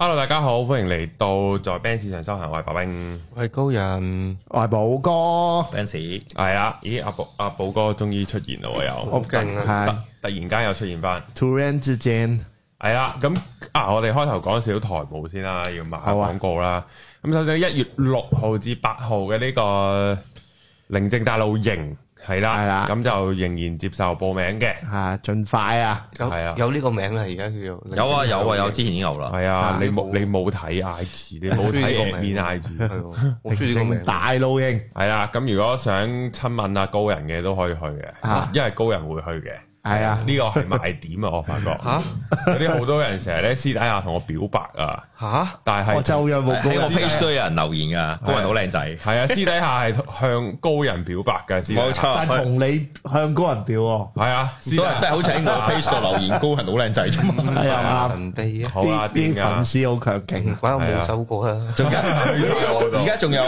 hello，大家好，歡迎嚟到在 Band 市場收閑，我係白冰，我係高人，我係寶哥，Band 市係啊，咦阿寶阿寶哥終於出現啦，又好勁啊突，突然間又出現翻。突然之正係啦，咁啊，啊，我哋開頭講少台報先啦，要買廣告啦。咁、啊、首先一月六號至八號嘅呢個寧靜大陸營。係啦，咁就仍然接受報名嘅。嚇，盡快啊！有有呢個名啦，而家叫做有啊有啊有之前已經有啦。係啊，你冇你冇睇 IG，你冇睇面 IG，我中意呢個名。大老英係啦，咁如果想親問啊高人嘅都可以去嘅，因為高人會去嘅。係啊，呢個係賣點啊！我發覺吓，有啲好多人成日咧私底下同我表白啊！吓，但係我周日喺我 page 都有人留言噶，高人好靚仔，係啊！私底下係向高人表白噶，冇錯。但同你向高人表，係啊！高人真係好正啊！page 留言高人好靚仔啫嘛，神秘啊！啲粉絲好強勁，鬼我冇收過啊！而家仲有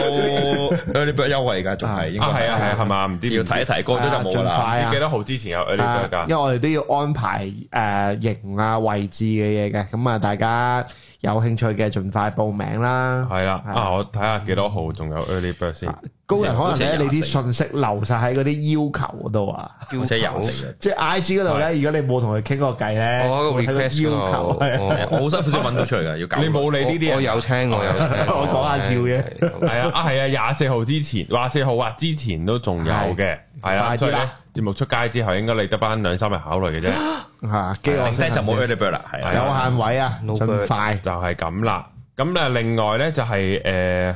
呢筆優惠噶，仲係啊係啊係嘛？唔知要睇一睇。過咗就冇啦。幾多號之前有呢筆噶？因為我哋都要安排營啊位置嘅嘢嘅，咁啊大家有興趣嘅盡快報名啦。係啦，啊我睇下幾多號仲有 early bird 先。高人可能咧你啲信息流晒喺嗰啲要求嗰度啊，消息有，即係 I G 嗰度咧，如果你冇同佢傾過偈咧，我個 request 要求，我好辛苦先搵到出嚟嘅，要搞。你冇理呢啲，我有聽，我有，我講下照嘅，係啊，啊係啊，廿四號之前，廿四號啊，之前都仲有嘅。係啦，所以咧節目出街之後，應該你得翻兩三日考慮嘅啫。係，剩低就冇 editor 啦，係有限位啊，咁快就係咁啦。咁咧，另外咧就係誒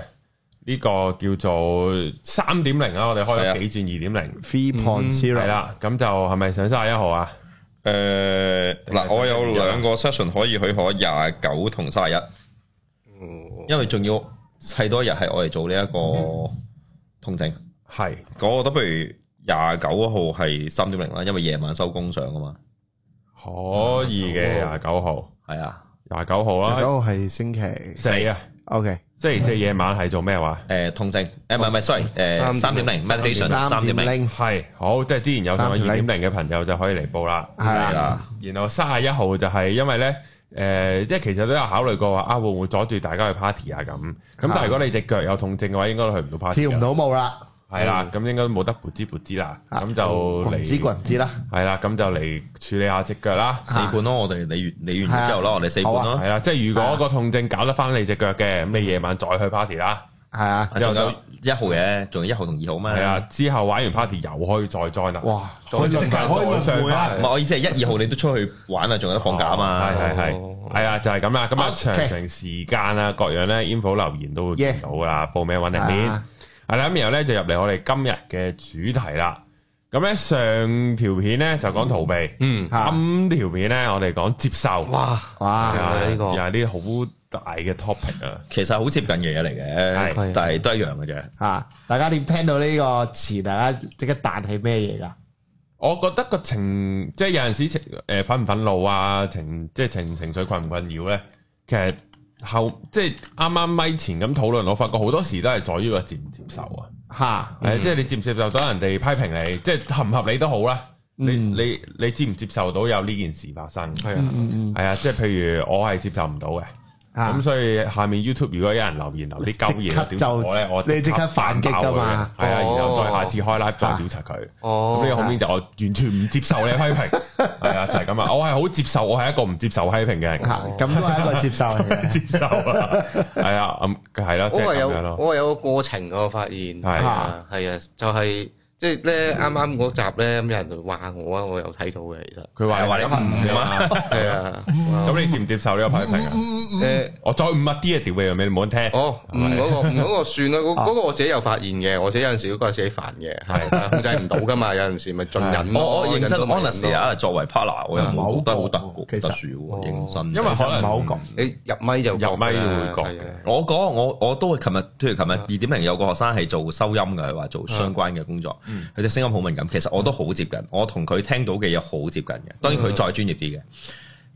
呢個叫做三點零啊，我哋開咗幾轉二點零。Three point zero 係啦，咁就係咪上卅一號啊？誒嗱，我有兩個 session 可以許可廿九同卅一。嗯，因為仲要砌多一日，係我哋做呢一個痛症，係嗰個都不如。廿九號係三點零啦，因為夜晚收工上啊嘛，可以嘅廿九號係啊，廿九號啦，廿九號係星期四啊，O K 星期四夜晚係做咩話？誒痛症誒唔係唔係 sorry 誒三點零 meditation 三點零係好，即係之前有上二點零嘅朋友就可以嚟報啦，係啦，然後三十一號就係因為咧誒，即係其實都有考慮過話啊會唔會阻住大家去 party 啊咁咁，但係如果你隻腳有痛症嘅話，應該去唔到 party，跳唔到舞啦。係啦，咁應該冇得卜之卜之啦，咁就個人知個人知啦。係啦，咁就嚟處理下隻腳啦，四半咯，我哋理完理完之後咯，我哋四半咯。係啊，即係如果個痛症搞得翻你隻腳嘅，咁你夜晚再去 party 啦。係啊，之後就一號嘅，仲有一號同二號咩？係啊，之後玩完 party 又可以再 join 啦。哇，可以成日開到上班。唔係，我意思係一、二號你都出去玩啊，仲有得放假啊嘛。係係係，係啊，就係咁啦。咁啊，詳情時間啊，各樣咧 info 留言都會見到噶啦，報名揾你面。係啦，咁然後咧就入嚟我哋今日嘅主題啦。咁咧上條片咧就講逃避，嗯，咁條片咧我哋講接受。哇哇，呢個又係啲好大嘅 topic 啊！其實好接近嘅嘢嚟嘅，是但係都一樣嘅啫。吓，大家點聽到呢個詞，大家即刻彈起咩嘢噶？我覺得個情，即係有陣時情，誒，憤唔憤怒啊？情，即係情情緒困唔困擾咧，其實。後即係啱啱咪前咁討論，我發覺好多時都係在於個接唔接受啊。吓、嗯、誒、即係你接唔接受到人哋批評你，即係合唔合理都好啦、嗯。你你你接唔接受到有呢件事發生？係、嗯、啊，係、嗯、啊，即係譬如我係接受唔到嘅。咁所以下面 YouTube 如果有人留言留啲鳩嘢，我咧我你即刻反擊㗎嘛，係啊，然後再下次開 live 再調查佢。哦，咁呢後面就我完全唔接受你批評，係啊，就係咁啊。我係好接受，我係一個唔接受批評嘅人。咁都係一個接受。接受啊，係啊，咁係咯。我係有我有個過程我發現。係啊，係啊，就係。即係咧，啱啱嗰集咧，咁有人就話我啊，我有睇到嘅，其實佢話話你誤誤啊，咁你接唔接受呢個批評啊？唔我再誤一啲啊，屌你有咩冇人聽？哦，唔嗰個誤嗰個算啦，嗰個我自己有發現嘅，我自己有陣時嗰個自己煩嘅，係控制唔到噶嘛，有陣時咪盡人，我我認真可能 n 啊，作為 partner，我又唔會覺得好特殊，其實認真，因為可能你入咪就入咪會覺嘅。我講我我都係琴日，譬如琴日二點零有個學生係做收音嘅，話做相關嘅工作。佢哋聲音好敏感，其實我都好接近，我同佢聽到嘅嘢好接近嘅。當然佢再專業啲嘅，咁、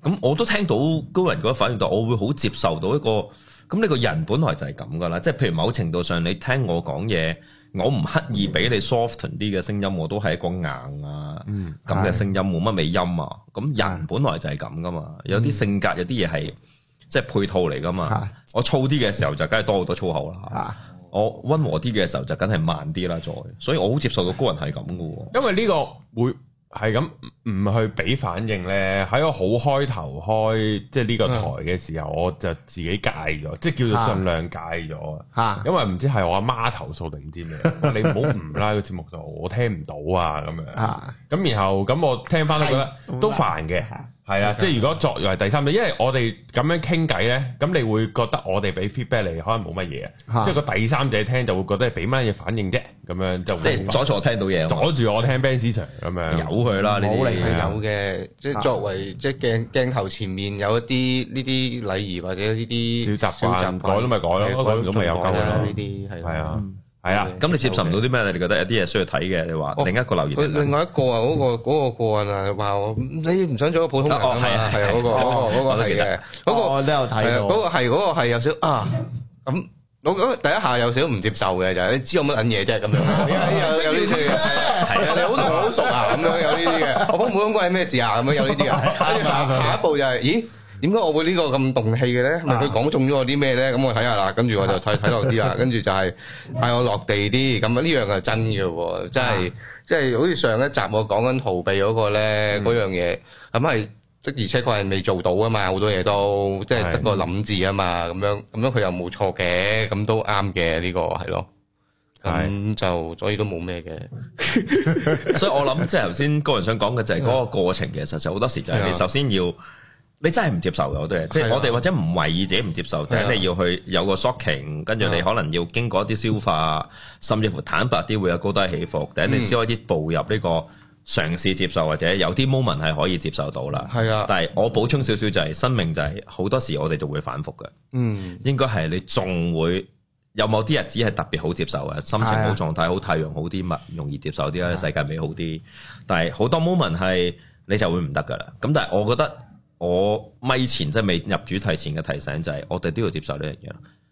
嗯嗯、我都聽到高人嗰反應度，我會好接受到一個。咁你個人本來就係咁噶啦，即係譬如某程度上你聽我講嘢，我唔刻意俾你 soft 啲嘅聲音，我都係一個硬啊咁嘅聲音，冇乜尾音啊。咁人本來就係咁噶嘛，有啲性格有啲嘢係即係配套嚟噶嘛。我粗啲嘅時候就梗係多好多粗口啦。我溫和啲嘅時候就梗係慢啲啦，再，所以我好接受到高人係咁噶。因為呢個會係咁唔去俾反應咧，喺我好開頭開即係呢個台嘅時候，我就自己戒咗，即係叫做盡量戒咗。吓，因為唔知係我阿媽投訴定唔知咩， 你唔好唔拉個節目度，我聽唔到啊咁樣。吓，咁然後咁我聽翻是都覺得都煩嘅。 係啊，即係如果作為第三者，因為我哋咁樣傾偈咧，咁你會覺得我哋俾 feedback 你可能冇乜嘢，即係個第三者聽就會覺得你俾乜嘢反應啫，咁樣就即係阻住我聽到嘢，阻住我聽 Benz Sir 咁樣，有佢啦，冇理由嘅，即係作為即係鏡鏡頭前面有一啲呢啲禮儀或者呢啲小習慣改都咪改咯，改咁又夠啦，呢啲係啊。係啊，咁你接受唔到啲咩？你你覺得有啲嘢，需要睇嘅？你話另一個留言，另外一個啊，嗰個嗰個個人啊，話我你唔想做個普通人啊嘛？係啊係啊，嗰個嗰個係嘅，嗰個我都有睇。嗰個係嗰個係有少啊咁，我第一下有少唔接受嘅就係你知有乜嘢啫，係咁樣，有呢啲嘅係啊，你好熟好熟啊咁樣有呢啲嘅，我講冇咁關係咩事啊咁樣有呢啲啊，跟住下下一步就係咦。點解我會呢個咁動氣嘅咧？係咪佢講中咗我啲咩咧？咁我睇下啦，跟住我就睇睇落啲啦，跟住就係嗌我落地啲，咁呢樣係真嘅，即係即係好似上一集我講緊逃避嗰個咧，嗰樣嘢，咁係的而且確係未做到啊嘛，好多嘢都即係得個諗字啊嘛，咁樣咁樣佢又冇錯嘅，咁都啱嘅呢個係咯，咁就所以都冇咩嘅，所以我諗即係頭先個人想講嘅就係嗰個過程，其實實好多時就係你首先要。你真係唔接受嘅，啊、我都係，即係我哋或者唔懷疑自己唔接受，但係、啊、你要去有個 shocking，跟住、啊、你可能要經過一啲消化，啊、甚至乎坦白啲會有高低起伏，嗯、等你先可以步入呢個嘗試接受或者有啲 moment 係可以接受到啦。係啊，但係我補充少少就係、是，生命就係好多時我哋就會反覆嘅。嗯，應該係你仲會有某啲日子係特別好接受嘅，心情好狀態好，太陽好啲物，容易接受啲啊，世界美好啲。但係好多 moment 係你就，就會唔得噶啦。咁但係我覺得。我咪前，即係未入主題前嘅提醒就係，我哋都要接受呢樣嘢，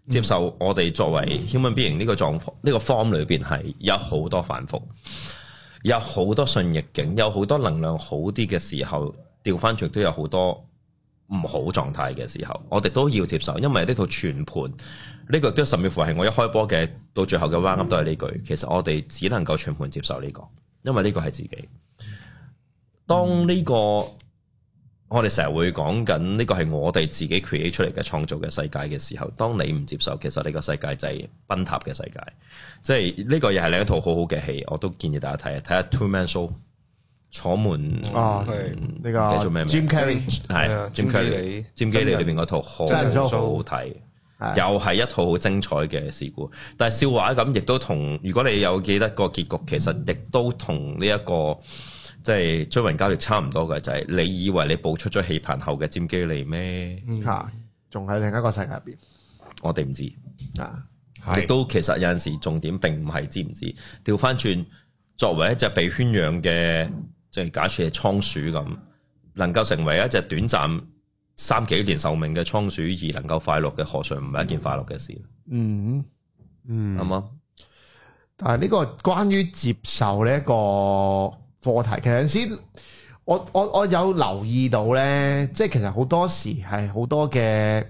接受我哋作為 human being 呢個狀況，呢個 form 裏邊係有好多反覆有好多順逆境，有好多能量好啲嘅時候，掉翻轉都有多好多唔好狀態嘅時候，我哋都要接受，因為呢套全盤呢句都甚至乎係我一開波嘅到最後嘅 round up 都係呢句。其實我哋只能夠全盤接受呢個，因為呢個係自己，當呢個。嗯我哋成日會講緊呢個係我哋自己 create 出嚟嘅創造嘅世界嘅時候，當你唔接受，其實呢個世界就係崩塌嘅世界。即係呢個又係另一套好好嘅戲，我都建議大家睇睇下 Two Man Show，楚門啊，呢個叫做咩名？Jim Carrey 係，Jim Carrey，Jim Carrey 裏邊嗰套好，好睇，又係一套好精彩嘅事故。但係笑話咁，亦都同，如果你有記得個結局，其實亦都同呢一個。即係追魂交易差唔多嘅就係、是，你以為你補出咗氣盤後嘅佔機嚟咩？吓、嗯，仲喺另一個世界入邊，我哋唔知啊。亦都其實有陣時重點並唔係知唔知，調翻轉作為一隻被圈養嘅，嗯、即係假設係倉鼠咁，能夠成為一隻短暫三幾年壽命嘅倉鼠而能夠快樂嘅何嘗，唔係一件快樂嘅事。嗯嗯，係、嗯、嘛？嗯、但係呢個關於接受呢、這、一個。課題其實有陣時，我我我有留意到咧，即係其實好多時係好多嘅，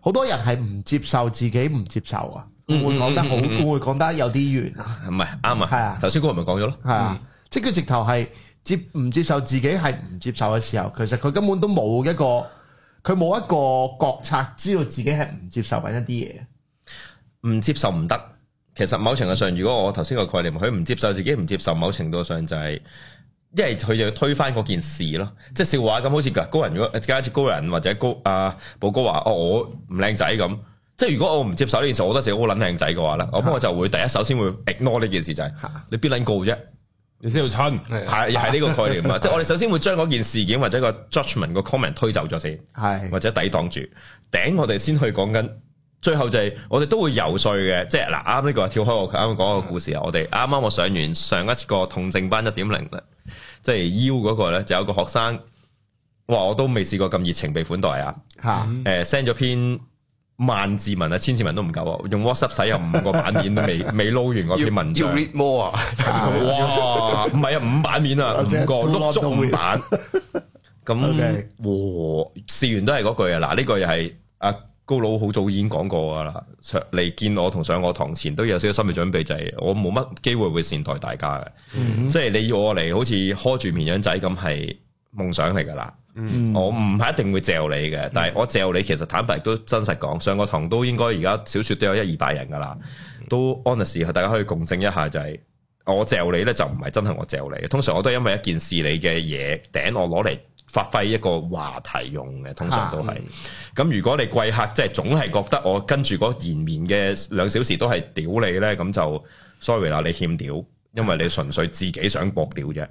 好多人係唔接受自己唔接受啊，會講得好固，會講得有啲遠。唔係啱啊，係啊、嗯，頭先嗰個咪講咗咯，係啊，即係佢直頭係接唔接受自己係唔接受嘅時候，其實佢根本都冇一個，佢冇一個覺察知道自己係唔接受緊一啲嘢，唔接受唔得。其實某程度上，如果我頭先個概念，佢唔接受自己唔接受，某程度上就係一係佢就推翻嗰件事咯。即係笑話咁，好似高人如果加家一次高人或者高啊寶哥話哦，我唔靚仔咁。即係如果我唔接受呢件事，我覺得自己好捻靚仔嘅話咧，的我不過就會第一首先會 ignore 呢件事就係、是、的你必捻高啫，你先要親係係呢個概念嘛。 即係我哋首先會將嗰件事件或者個 judgement 個 comment 推走咗先，或者抵擋住頂，頂我哋先去講緊。最後就係我哋都會遊說嘅，即係嗱，啱呢個跳開我啱啱講個故事啊！我哋啱啱我上完上一次個同靜班 0, turkey, 一點零咧，即係 U 嗰個咧，就有個學生話我都未試過咁熱情被款待啊！吓，誒 send 咗篇萬字文啊，千字文都唔夠，用 WhatsApp 洗有五個版面都未未撈完嗰啲文字 You 啊！哇，唔係啊，五版面啊，五個足足 版。咁， 哇！ 試完都係嗰句啊，嗱，呢個又係啊。高佬好早已經講過噶啦，嚟見我同上我堂前都有少少心理準備就係、是，我冇乜機會會善待大家嘅，嗯、即係你要我嚟好似呵住綿羊仔咁係夢想嚟噶啦。嗯、我唔係一定會嚼你嘅，但係我嚼你其實坦白都真實講，上個堂都應該而家少說都有一二百人噶啦，都 on t 大家可以共證一下就係、是、我嚼你呢，就唔係真係我嚼你，通常我都係因為一件事你嘅嘢頂我攞嚟。發揮一個話題用嘅，通常都係。咁、啊、如果你貴客即係總係覺得我跟住嗰延綿嘅兩小時都係屌你呢，咁就 sorry 啦，你欠屌，因為你純粹自己想搏屌啫。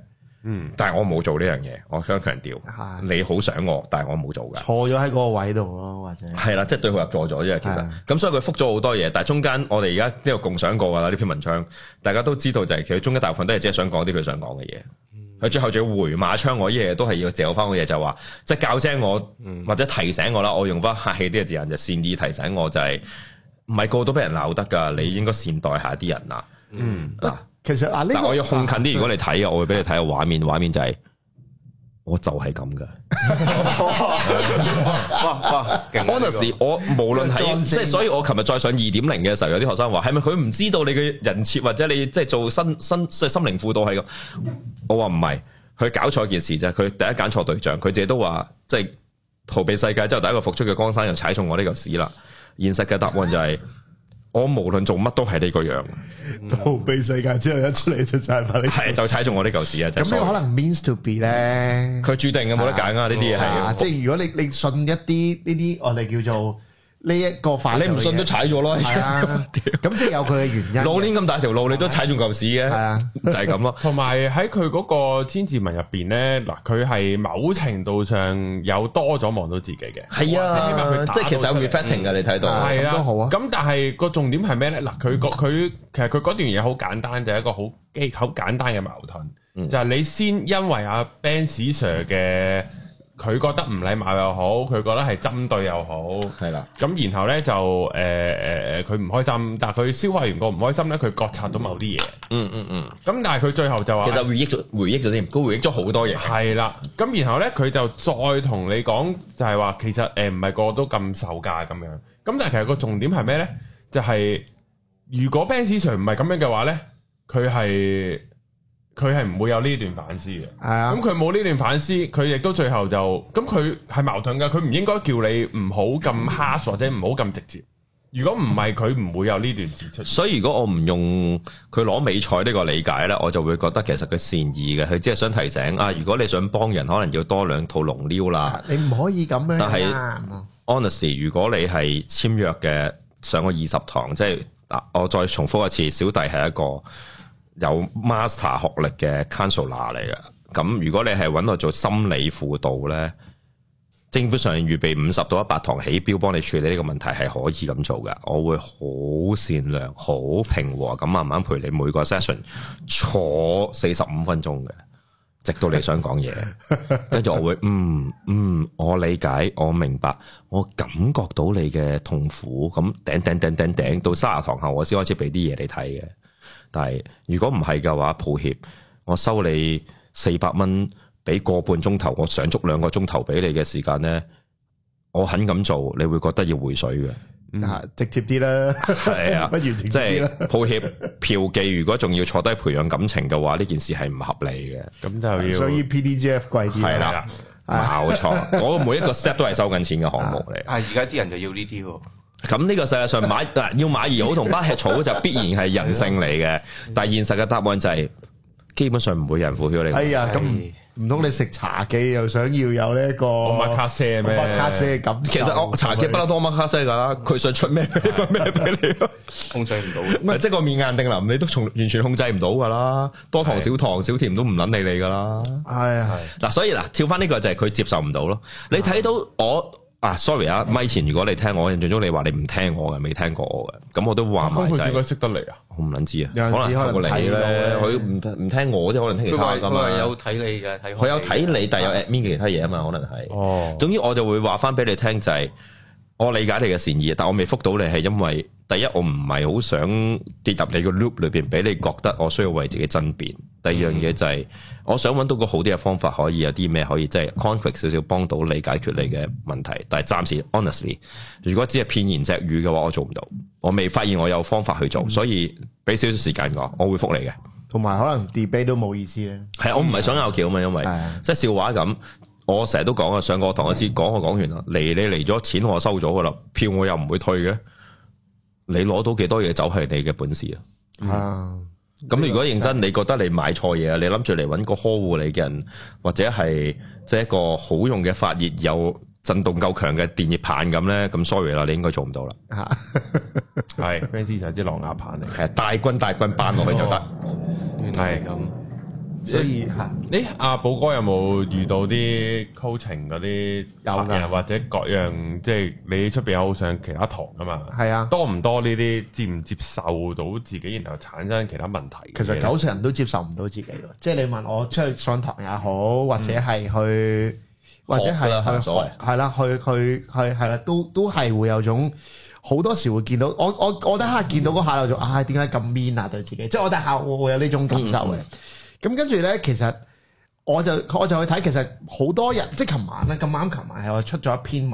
嗯，但係我冇做呢樣嘢，我想強調，啊、你好想我，但係我冇做嘅。錯咗喺嗰個位度咯，或者係啦，即係、就是、對佢入錯咗啫。其實咁，啊、所以佢複咗好多嘢，但係中間我哋而家呢度共享過噶啦呢篇文章，大家都知道就係佢中間大部分都係即係想講啲佢想講嘅嘢。佢最後仲要回馬槍我，我依嘢都係要嚼翻我嘢，就話即係教聲我，或者提醒我啦。我用翻客氣啲嘅字眼，就係、善意提醒我，就係唔係個個都俾人鬧得噶，你應該善待一下啲人，嗯、啊。嗯，嗱，其實嗱呢個，我要控近啲，啊、如果你睇嘅，我會俾你睇下畫面，畫面就係、係。我就係咁噶，哇！安我無論係 即係，所以我琴日再上二點零嘅時候，有啲學生話係咪佢唔知道你嘅人設或者你即係做新新即係心靈輔導係咁？我話唔係，佢搞錯一件事啫，佢第一揀錯對象，佢自己都話即係逃避世界之後第一個復出嘅江山，又踩中我呢嚿屎啦！現實嘅答案就係、是。 我無論做乜都係呢個樣， 逃避世界之後一出嚟就踩埋呢，係就踩中我呢嚿屎啊！咁點可能 means to be 咧？佢注定嘅冇得揀啊！呢啲嘢係，即係如果你你信一啲呢啲我哋叫做。呢一個反你唔信都踩咗咯，係啊，咁即係有佢嘅原因。老年咁大條路，你都踩中嚿屎嘅，係啊，就係咁咯。同埋喺佢嗰個千字文入邊咧，嗱佢係某程度上有多咗望到自己嘅，係啊，即係其實有 reflecting 嘅，你睇到係啊，好啊。咁但係個重點係咩咧？嗱，佢佢其實佢嗰段嘢好簡單，就係一個好好簡單嘅矛盾，就係你先因為阿 Benz Sir 嘅。佢覺得唔禮貌又好，佢覺得係針對又好，係啦的。咁然後呢，就誒誒誒，佢、呃、唔、呃、開心，但係佢消化完個唔開心呢，佢覺察到某啲嘢、嗯。嗯嗯嗯。咁但係佢最後就話，其實回憶咗，回憶咗先。佢回憶咗好多嘢。係啦。咁然後呢，佢就再同你講，就係、是、話其實誒唔係個個都咁受架咁樣。咁但係其實個重點係咩呢？就係、是、如果 Benz Sir 唔係咁樣嘅話呢，佢係。佢係唔會有呢段反思嘅，係啊、嗯。咁佢冇呢段反思，佢亦都最後就咁，佢、嗯、係矛盾噶。佢唔應該叫你唔好咁 harsh 或者唔好咁直接。如果唔係，佢唔會有呢段字出。所以如果我唔用佢攞美彩呢個理解呢，我就會覺得其實佢善意嘅，佢只係想提醒啊。如果你想幫人，可能要多兩套龍鷄啦。你唔可以咁樣、啊。但係是、啊、honesty，如果你係簽約嘅上個二十堂，即、就、係、是啊、我再重複一次，小弟係一個。有 master 學歷嘅 counselor 嚟嘅，咁如果你係揾我做心理輔導呢，基本上預備五十到一百堂起標幫你處理呢個問題係可以咁做嘅。我會好善良、好平和，咁慢慢陪你每個 session 坐四十五分鐘嘅，直到你想講嘢，跟住 我會嗯嗯，我理解，我明白，我感覺到你嘅痛苦，咁頂頂頂頂頂到三十堂後我，我先開始俾啲嘢你睇嘅。但係如果唔係嘅話，抱歉，我收你四百蚊，俾個半鐘頭，我想足兩個鐘頭俾你嘅時間咧，我肯咁做，你會覺得要回水嘅，嗯啊，直接啲啦，係啊，即係 抱歉嫖妓，如果仲要坐低培養感情嘅話，呢 件事係唔合理嘅，咁就要所以 P D G F 貴啲，係啦，冇錯，我 每一個 step 都係收緊錢嘅項目嚟，但而家啲人就要呢啲喎。咁呢個世界上馬嗱要馬兒好同不吃草就必然係人性嚟嘅，但係現實嘅答案就係基本上唔會有人付票你。哎呀，咁唔通你食茶記又想要有呢一個馬卡西咩？馬卡西咁，其實我茶記不嬲多馬卡西噶啦，佢想出咩咩俾你咯，控制唔到。即係個麵硬定腍，你都從完全控制唔到噶啦，多糖少糖少甜都唔捻理你噶啦。係係，嗱所以嗱跳翻呢個就係佢接受唔到咯。你睇到我。嗱，sorry 啊，咪前如果你聽我，印象中你話你唔聽我嘅，未聽過我嘅，咁我都話埋就係、是。應該識得你啊？我唔捻知啊，有人 可能透過你咧，佢唔唔聽我啫，可能聽其他噶佢唔係有睇你嘅，佢有睇你，有你你但有 at me 其他嘢啊嘛，可能係。哦。總之我就會話翻俾你聽就係、是，我理解你嘅善意，但我未覆到你係因為，第一我唔係好想跌入你個 loop 裏邊，俾你覺得我需要為自己爭辯。第二樣嘢就係、是。嗯我想揾到個好啲嘅方法，可以有啲咩可以即係 concrete 少少幫到你解決你嘅問題。但係暫時 honestly，如果只係片言隻語嘅話，我做唔到。我未發現我有方法去做，所以俾少少時間我，我會覆你嘅。同埋可能 debate 都冇意思咧。係我唔係想拗撬啊嘛，因為,的因為即係笑話咁。我成日都講啊，上個課堂嗰時講我講完啦，嚟的你嚟咗錢我收咗噶啦，票我又唔會退嘅。你攞到幾多嘢走，係你嘅本事、嗯、啊！啊。咁如果認真，你覺得你買錯嘢啊？你諗住嚟搵個呵護你嘅人，或者係即係一個好用嘅發熱有震動夠強嘅電熱棒咁咧？咁 sorry 啦，你應該做唔到啦。係 fans 就係啲狼牙棒嚟，係大軍大軍扳落去就得，係咁。所以係，你阿寶哥有冇遇到啲 coaching 嗰啲有嘅，或者各樣即係你出邊有好上其他堂啊嘛？係啊，多唔多呢啲接唔接受到自己，然後產生其他問題？其實九成人都接受唔到自己，即係你問我出去上堂也好，或者係去，或者係去學，係啦，去去去係啦，都都係會有種好多時會見到我我我第一刻見到嗰下就做啊，點解咁 mean 啊對自己？即係我哋下刻會有呢種感受嘅。咁跟住咧，其實我就我就去睇，其實好多人即係琴晚咧咁啱，琴晚係我出咗一篇文，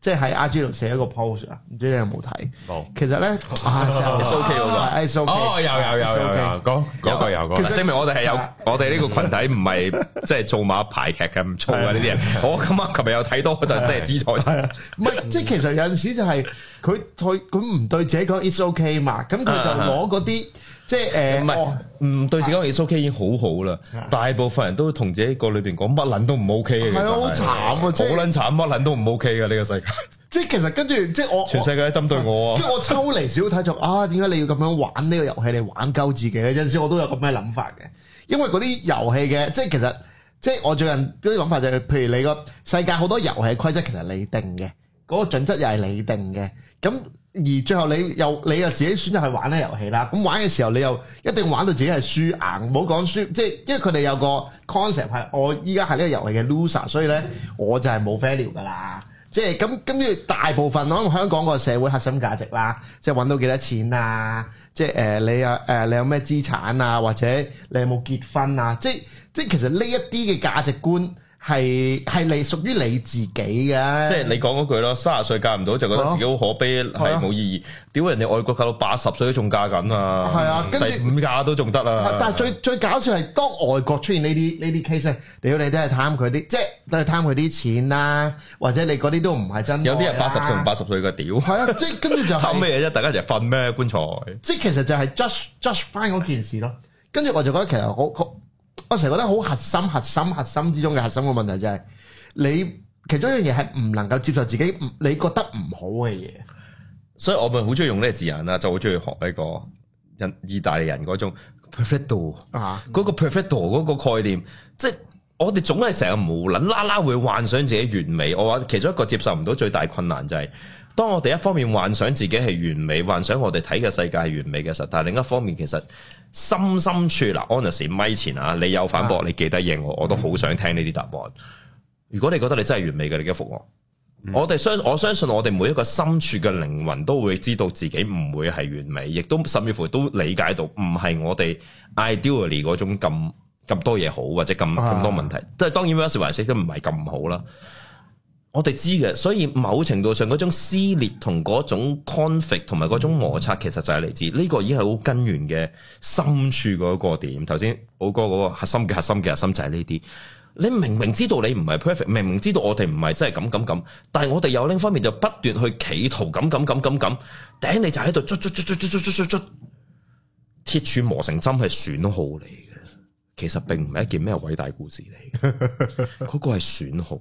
即係喺阿 G 龍寫一個 post 啦，唔知你有冇睇？冇。其實咧，係，it's okay 嗰個，it's okay。哦，有有有有，講嗰個有，證明我哋係有，我哋呢個群體唔係即係做馬排劇嘅，唔粗嘅呢啲人。我今晚琴日又睇到就即係紫菜，係啊，唔係，即係其實有陣時就係佢佢佢唔對自己講 it's okay 嘛，咁佢就攞嗰啲。即係誒，唔係，唔對自己講嘢、啊、OK 已經好好啦。啊、大部分人都同自己個裏邊講乜捻都唔 OK 嘅，好慘啊，好捻慘，乜捻、啊就是、都唔 OK 嘅呢個世界。即係其實跟住，即係我全世界針對我啊。跟住我，我抽離小睇咗啊，點解你要咁樣玩呢個遊戲嚟，玩鳩自己咧？有陣時我都有咁嘅諗法嘅，因為嗰啲遊戲嘅，即係其實，即係我最近嗰啲諗法就係、是，譬如你個世界好多遊戲規則其實你定嘅。嗰個準則又係你定嘅，咁而最後你又你又自己選擇去玩呢個遊戲啦。咁玩嘅時候你又一定玩到自己係輸硬，唔好講輸，即係因為佢哋有個 concept 係我依家係呢個遊戲嘅 loser，所以呢，嗯、我就係冇 value 噶啦。即係咁，跟住大部分可能香港個社會核心價值啦，即係揾到幾多錢啊，即係誒你啊誒你有咩資產啊，或者你有冇結婚啊，即係即係其實呢一啲嘅價值觀。係係你屬於你自己嘅、啊，即係你講嗰句咯。三十歲嫁唔到就覺得自己好可悲，係冇 意義。屌人哋外國搞到八十歲都仲嫁緊啊！係啊，跟住五嫁都仲得啊！但係最最搞笑係，當外國出現呢啲呢啲 case 屌你都係貪佢啲，即係都係貪佢啲錢啦、啊，或者你嗰啲都唔係真、啊。有啲人八十仲八十歲嘅屌，係啊，即係跟住就貪咩啫？大家成日瞓咩棺材？即係其實就係 judge judge 翻件事咯。跟住我就覺得其實我我成日覺得好核心、核心、核心之中嘅核心嘅問題就係，你其中一樣嘢係唔能夠接受自己你覺得唔好嘅嘢，所以我咪好中意用呢個字眼啦，就好中意學呢個人意大利人嗰種 perfecto 啊，嗰個 perfecto 嗰個概念，即係我哋總係成日無卵拉拉會幻想自己完美，我話其中一個接受唔到最大困難就係。.當我哋一方面幻想自己係完美，幻想我哋睇嘅世界係完美嘅時候，但係另一方面其實深深處嗱，安德士米前啊，你有反駁，你記得應我，我都好想聽呢啲答案。啊嗯、如果你覺得你真係完美嘅，你覆我。我哋相我相信我哋每一個深處嘅靈魂都會知道自己唔會係完美，亦都甚至乎都理解到唔係我哋 ideally 嗰種咁咁多嘢好或者咁咁多問題。即係、啊、當然，有時顏色都唔係咁好啦。我哋知嘅，所以某程度上嗰種撕裂同嗰種 conflict 同埋嗰種摩擦，其實就係嚟自呢個已經係好根源嘅深處嗰個點。頭先我講嗰個核心嘅核心嘅核心就係呢啲。你明明知道你唔係 perfect，明明知道我哋唔係真係咁咁咁，但係我哋有另一方面就不斷去企圖咁咁咁咁咁，頂你就喺度捽捽捽捽捽捽捽捽，鐵柱磨成針係損耗嚟嘅。其實並唔係一件咩偉大故事嚟嘅，嗰個係損耗。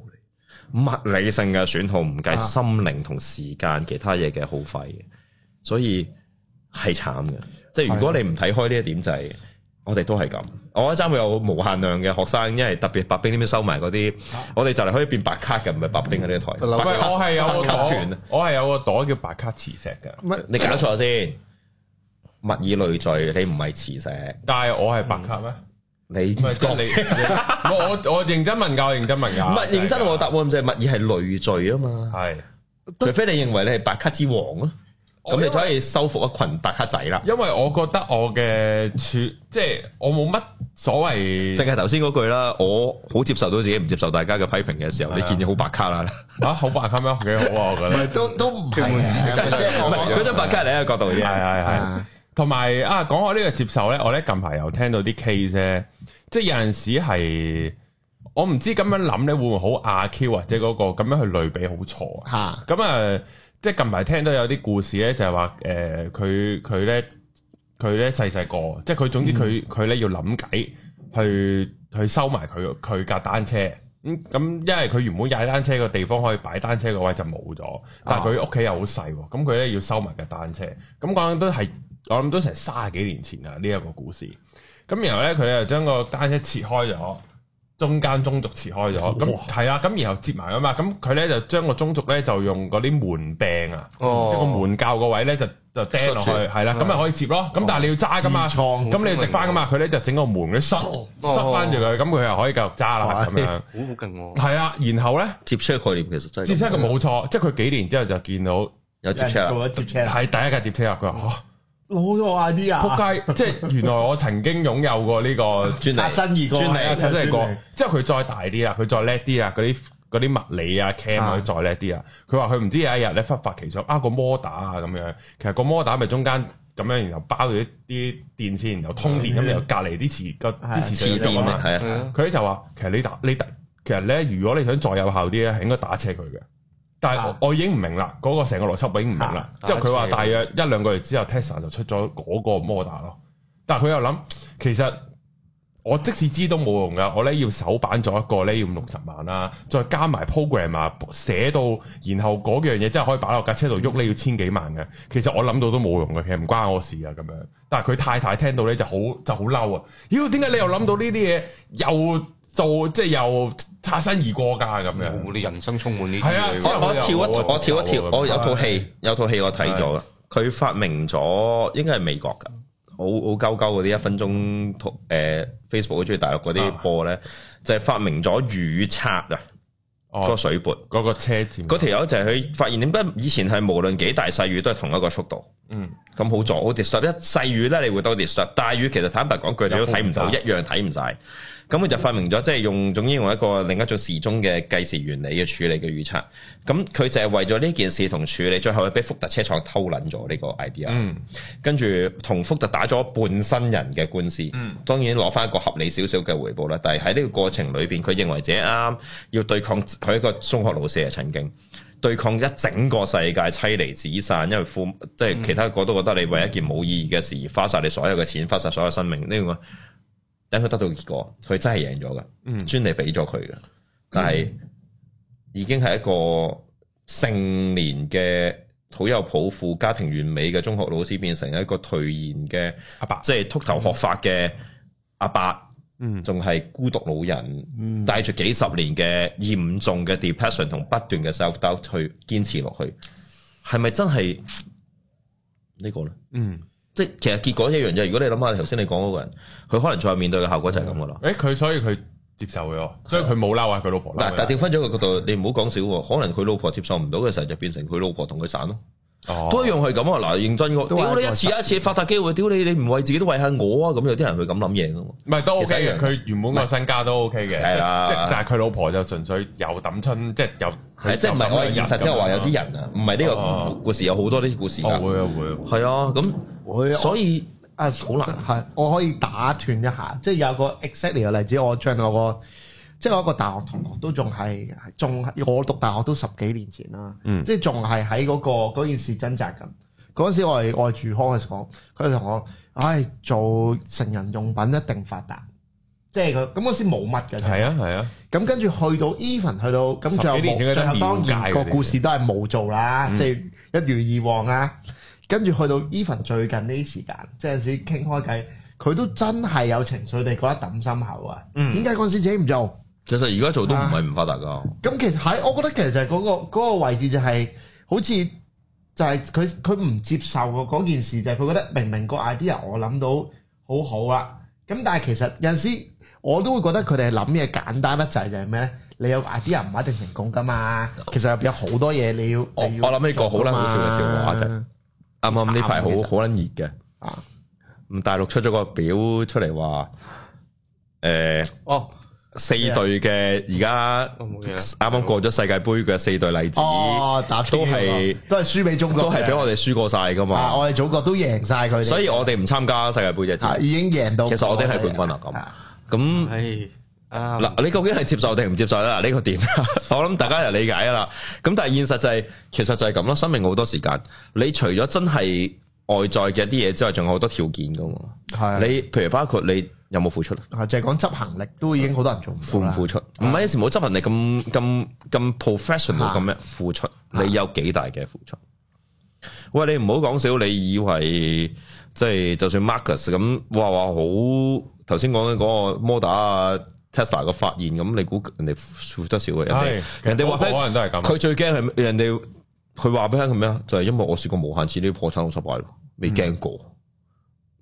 物理性嘅損耗唔計心靈同時間其他嘢嘅耗費，所以係慘嘅。即係如果你唔睇開呢一點，的就係我哋都係咁。我一陣會有無限量嘅學生，因為特別白兵呢邊收埋嗰啲，啊、我哋就嚟，可以變白卡嘅，唔係白兵嘅呢個台。唔、嗯、卡我係有個袋，我係有個袋叫白卡磁石嘅。麼你搞錯先，物以類聚，你唔係磁石，但係我係白卡咩？嗯你我我我認真文教，認真文教。唔係認真，我答案就係物以係累贅啊嘛。係，除非你認為你係白卡之王咯，咁你就可以收服一群白卡仔啦。因為我覺得我嘅處，即係我冇乜所謂，淨係頭先嗰句啦。我好接受到自己唔接受大家嘅批評嘅時候，你見咗好白卡啦。啊，好白卡咩？幾好啊！我覺得，唔係都都唔係，即係嗰張白卡你嚟嘅角度，係係係。同埋啊，講開呢個接受咧，我咧近排又聽到啲 case 咧，即係有陣時係我唔知咁樣諗咧，會唔會好阿 Q 或者嗰、嗰個咁樣去類比好錯啊？嚇、嗯！咁啊，即係近排聽到有啲故事咧，就係話誒，佢佢咧佢咧細細個，即係佢總之佢佢咧要諗計去去收埋佢佢架單車。咁、嗯、咁，因為佢原本踩單車個地方可以擺單車個位就冇咗，但係佢屋企又好細，咁佢咧要收埋架單車，咁、嗯、講都係。我諗都成三十幾年前啊，呢一個故事。咁然後咧，佢就將個單車切開咗，中間中軸切開咗。咁係啊，咁然後接埋啊嘛。咁佢咧就將個中軸咧就用嗰啲門柄啊，即係個門鉸個位咧就就釘落去，係啦，咁咪可以接咯。咁但係你要揸噶嘛，咁你要直翻噶嘛，佢咧就整個門嘅塞塞翻住佢，咁佢又可以繼續揸啦咁樣。好勁，係啊，然後咧摺車概念其實真係。摺車佢冇錯，即係佢幾年之後就見到有摺車，係第一架摺車啊！佢話。好多 idea！仆街，即係原來我曾經擁有過呢個專利，專利，即係佢再大啲啦，佢再叻啲啦，嗰啲啲物理啊 camera 再叻啲啦。佢話佢唔知有一日咧忽發奇想啊個摩打啊咁樣，其實個摩打咪中間咁樣，然後包咗啲電線，然後通電咁，又隔籬啲磁個啲磁電啊。佢咧就話，其實你打你打，其實咧如果你想再有效啲咧，係應該打斜佢嘅。但係我已經唔明啦，嗰、那個成個邏輯我已經唔明啦。即係佢話大約一兩個月之後、啊、Tesla 就出咗嗰個 Model 咯。但係佢又諗，其實我即使知都冇用噶。我咧要手板咗一個咧要六十萬啦，再加埋 program 啊，寫到然後嗰樣嘢真係可以擺落架車度喐呢，嗯、要千幾萬嘅。其實我諗到都冇用嘅，其實唔關我事啊咁樣。但係佢太太聽到咧就好就好嬲啊！咦、哎，點解你又諗到呢啲嘢又？就即係又擦身而過噶咁樣，我人生充滿呢啲。我我跳一我跳一跳，我有套戲有套戲我睇咗啦。佢發明咗，應該係美國噶，好好鳩鳩嗰啲一分鐘，誒 Facebook 好中意大陸嗰啲播咧，就係發明咗雨刷啊，個水撥，嗰個車，嗰條友就係佢發現點解以前係無論幾大細雨都係同一個速度。嗯，咁好在，好啲。i 一細雨咧，你會多啲。i s 大雨，其實坦白講，佢哋都睇唔到，一樣睇唔晒。咁佢就發明咗，即係用總之用一個另一種時鐘嘅計時原理嘅處理嘅預測。咁佢就係為咗呢件事同處理，最後俾福特車廠偷攬咗呢個 idea。嗯，跟住同福特打咗半生人嘅官司。嗯，當然攞翻一個合理少少嘅回報啦。但係喺呢個過程裏邊，佢認為自己啱要對抗佢一個中學老師係曾經，對抗一整個世界，妻離子散，因為父即係其他個個都覺得你為一件冇意義嘅事而花晒你所有嘅錢，花晒所有生命呢個。等佢得到結果，佢真係贏咗嘅，嗯、專利俾咗佢嘅。但係已經係一個成年嘅好有抱負、家庭完美嘅中學老師，變成一個頹然嘅阿伯，爸爸即係禿頭學法嘅阿伯，嗯，仲係孤獨老人，嗯、帶住幾十年嘅嚴重嘅 depression 同不斷嘅 self doubt 去堅持落去，係咪真係呢個呢？嗯。即係其實結果一樣啫，如果你諗下頭先你講嗰個人，佢可能最後面對嘅效果就係咁噶啦。誒，佢所以佢接受佢喎，所以佢冇嬲啊，佢老婆。嗱，但係調咗轉角度，你唔好講少喎，可能佢老婆接受唔到嘅時候，就變成佢老婆同佢散咯。哦，都一樣係咁啊。嗱，認真啲，屌你一次一次發大機會，屌你你唔為自己都為下我啊！咁有啲人佢咁諗嘢噶唔係都 o 佢原本個身家都 OK 嘅。係啦是，即、就是、但係佢老婆就純粹又抌春，就是、有即係又即係唔係我係現實，即係話有啲人啊，唔係呢個故事、啊、有好多啲故事、哦、會啊會係啊，咁、啊。所以啊，好難係，我可以打斷一下，即係有個 exactly 嘅例子，我將我個即係我一個大學同學都仲係，仲我讀大學都十幾年前啦，即係仲係喺嗰個嗰件事掙扎緊。嗰陣時我係我係住 hall 嘅時候，佢同我，唉、哎，做成人用品一定發達，即係佢咁嗰時冇乜嘅。係啊，係啊。咁跟住去到 even 去到，咁最後當然個故事都係冇做啦，即係、嗯、一如以往啊。跟住去到 Even 最近呢啲時間，即係有時傾開偈，佢都真係有情緒地覺得抌心口啊！點解嗰陣時自己唔做？其實而家做都唔係唔發達噶。咁、啊、其實喺我覺得其實就係嗰、嗰個嗰個位置就係、係、好似就係佢佢唔接受嗰件事就係、係、佢覺得明明個 idea 我諗到好好啊，咁但係其實有陣時我都會覺得佢哋係諗嘢簡單得滯，就係咩咧？你有 idea 唔一定成功噶嘛。其實有好多嘢你要，、哦、你要我諗起個好啦，好笑嘅笑話啫～啱啱呢排好好捻熱嘅，啊實！大陸出咗個表出嚟話，誒、呃，哦，四隊嘅而家啱啱過咗世界杯嘅四隊例子，哦、都係是都係輸俾中國，都係俾我哋輸過晒㗎嘛，啊、我哋祖國都贏晒佢哋，所以我哋唔參加世界杯嘅事，已經贏到。其實我哋係冠軍啊，咁咁那。哎嗱，um, 你究竟係接受定唔接受咧？呢、呢個點， 我諗大家又理解噶啦。咁但係現實就係、是，其實就係咁咯。生命好多時間，你除咗真係外在嘅一啲嘢之外，仲有好多條件噶。係的你，譬如包括你有冇付出？啊，就係講執行力，都已經好多人做唔到啦。付唔付出？唔係一時冇執行力咁咁咁 professional 咁樣付出。你有幾大嘅付出？的喂，你唔好講少。你以為即係就算 Marcus 咁，話話好頭先講緊嗰個 Moda 啊？Tesla 個發現咁，你估人哋付得少嘅人哋，是人哋話咧，佢最驚係人哋，佢話俾聽係咩啊？就係、是、因為我試過無限次呢啲破產同失敗、嗯、咯，未驚過，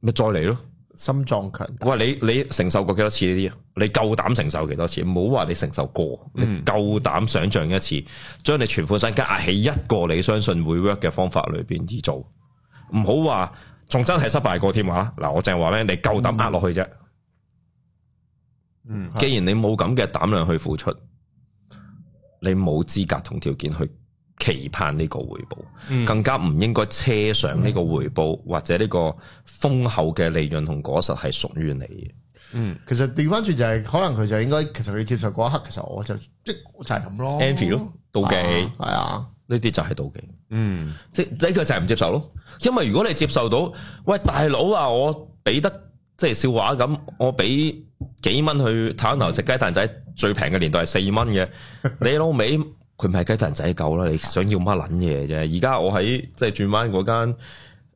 咪再嚟咯。心臟強大，喂，你你承受過幾多次呢啲啊？你夠膽承受幾多次？唔好話你承受過，嗯、你夠膽想象一次，將你全副身家壓喺一個你相信會 work 嘅方法裏邊而做，唔好話仲真係失敗過添啊！嗱，我淨係話咧，你夠膽壓落去啫。嗯嗯，既然你冇咁嘅膽量去付出，你冇資格同條件去期盼呢個回報，嗯、更加唔應該奢想呢個回報、嗯、或者呢個豐厚嘅利潤同果實係屬於你嘅。嗯其、就是，其實調翻轉就係，可能佢就應該，其實佢接受嗰一刻，其實我就即係就係咁咯 envy 咯，妒忌係啊，呢啲、啊、就係妒忌。嗯，即係呢個就係唔接受咯。因為如果你接受到，喂，大佬啊，我俾得即係笑話咁，我俾。幾蚊去坦頭食雞蛋仔最平嘅年代係四蚊嘅，你老味，佢唔係雞蛋仔夠啦，你想要乜撚嘢啫？而家我喺即係轉彎嗰間。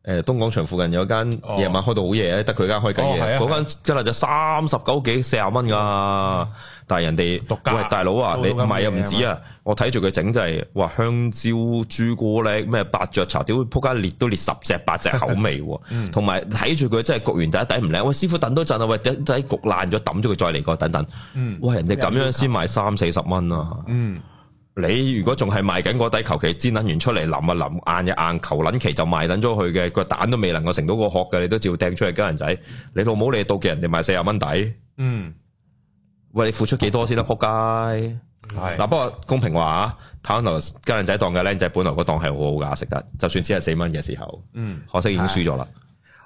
誒東廣場附近有間夜晚開到好夜咧，得佢間開緊嘢。嗰、哦啊啊、間今日就三十九幾四十蚊噶。但係人哋架喂大佬啊，毒毒你唔係啊？唔架止啊，架我睇住佢整就係話香蕉朱古力、咩白雀茶，點會撲街列都列十隻八隻口味喎。同埋睇住佢真係焗完第一底唔靚，喂、哎、師傅等多陣啊，喂第一底焗爛咗抌咗佢再嚟過等等。喂、嗯、人哋咁樣先賣三四十蚊啊。嗯。你如果仲係賣緊嗰底，求其煎撚完出嚟，冧啊冧，硬一硬，求撚期就賣撚咗佢嘅，個蛋都未能夠成到個殼嘅，你都照掟出去，膠人仔。你老母你妒忌人哋賣四十蚊底，嗯，喂，你付出幾多先得撲街？係嗱是、啊，不過公平話嚇，睇翻頭膠人仔檔嘅靚仔，本來個檔係好好噶，食得，就算只係四蚊嘅時候，嗯，可惜已經輸咗啦。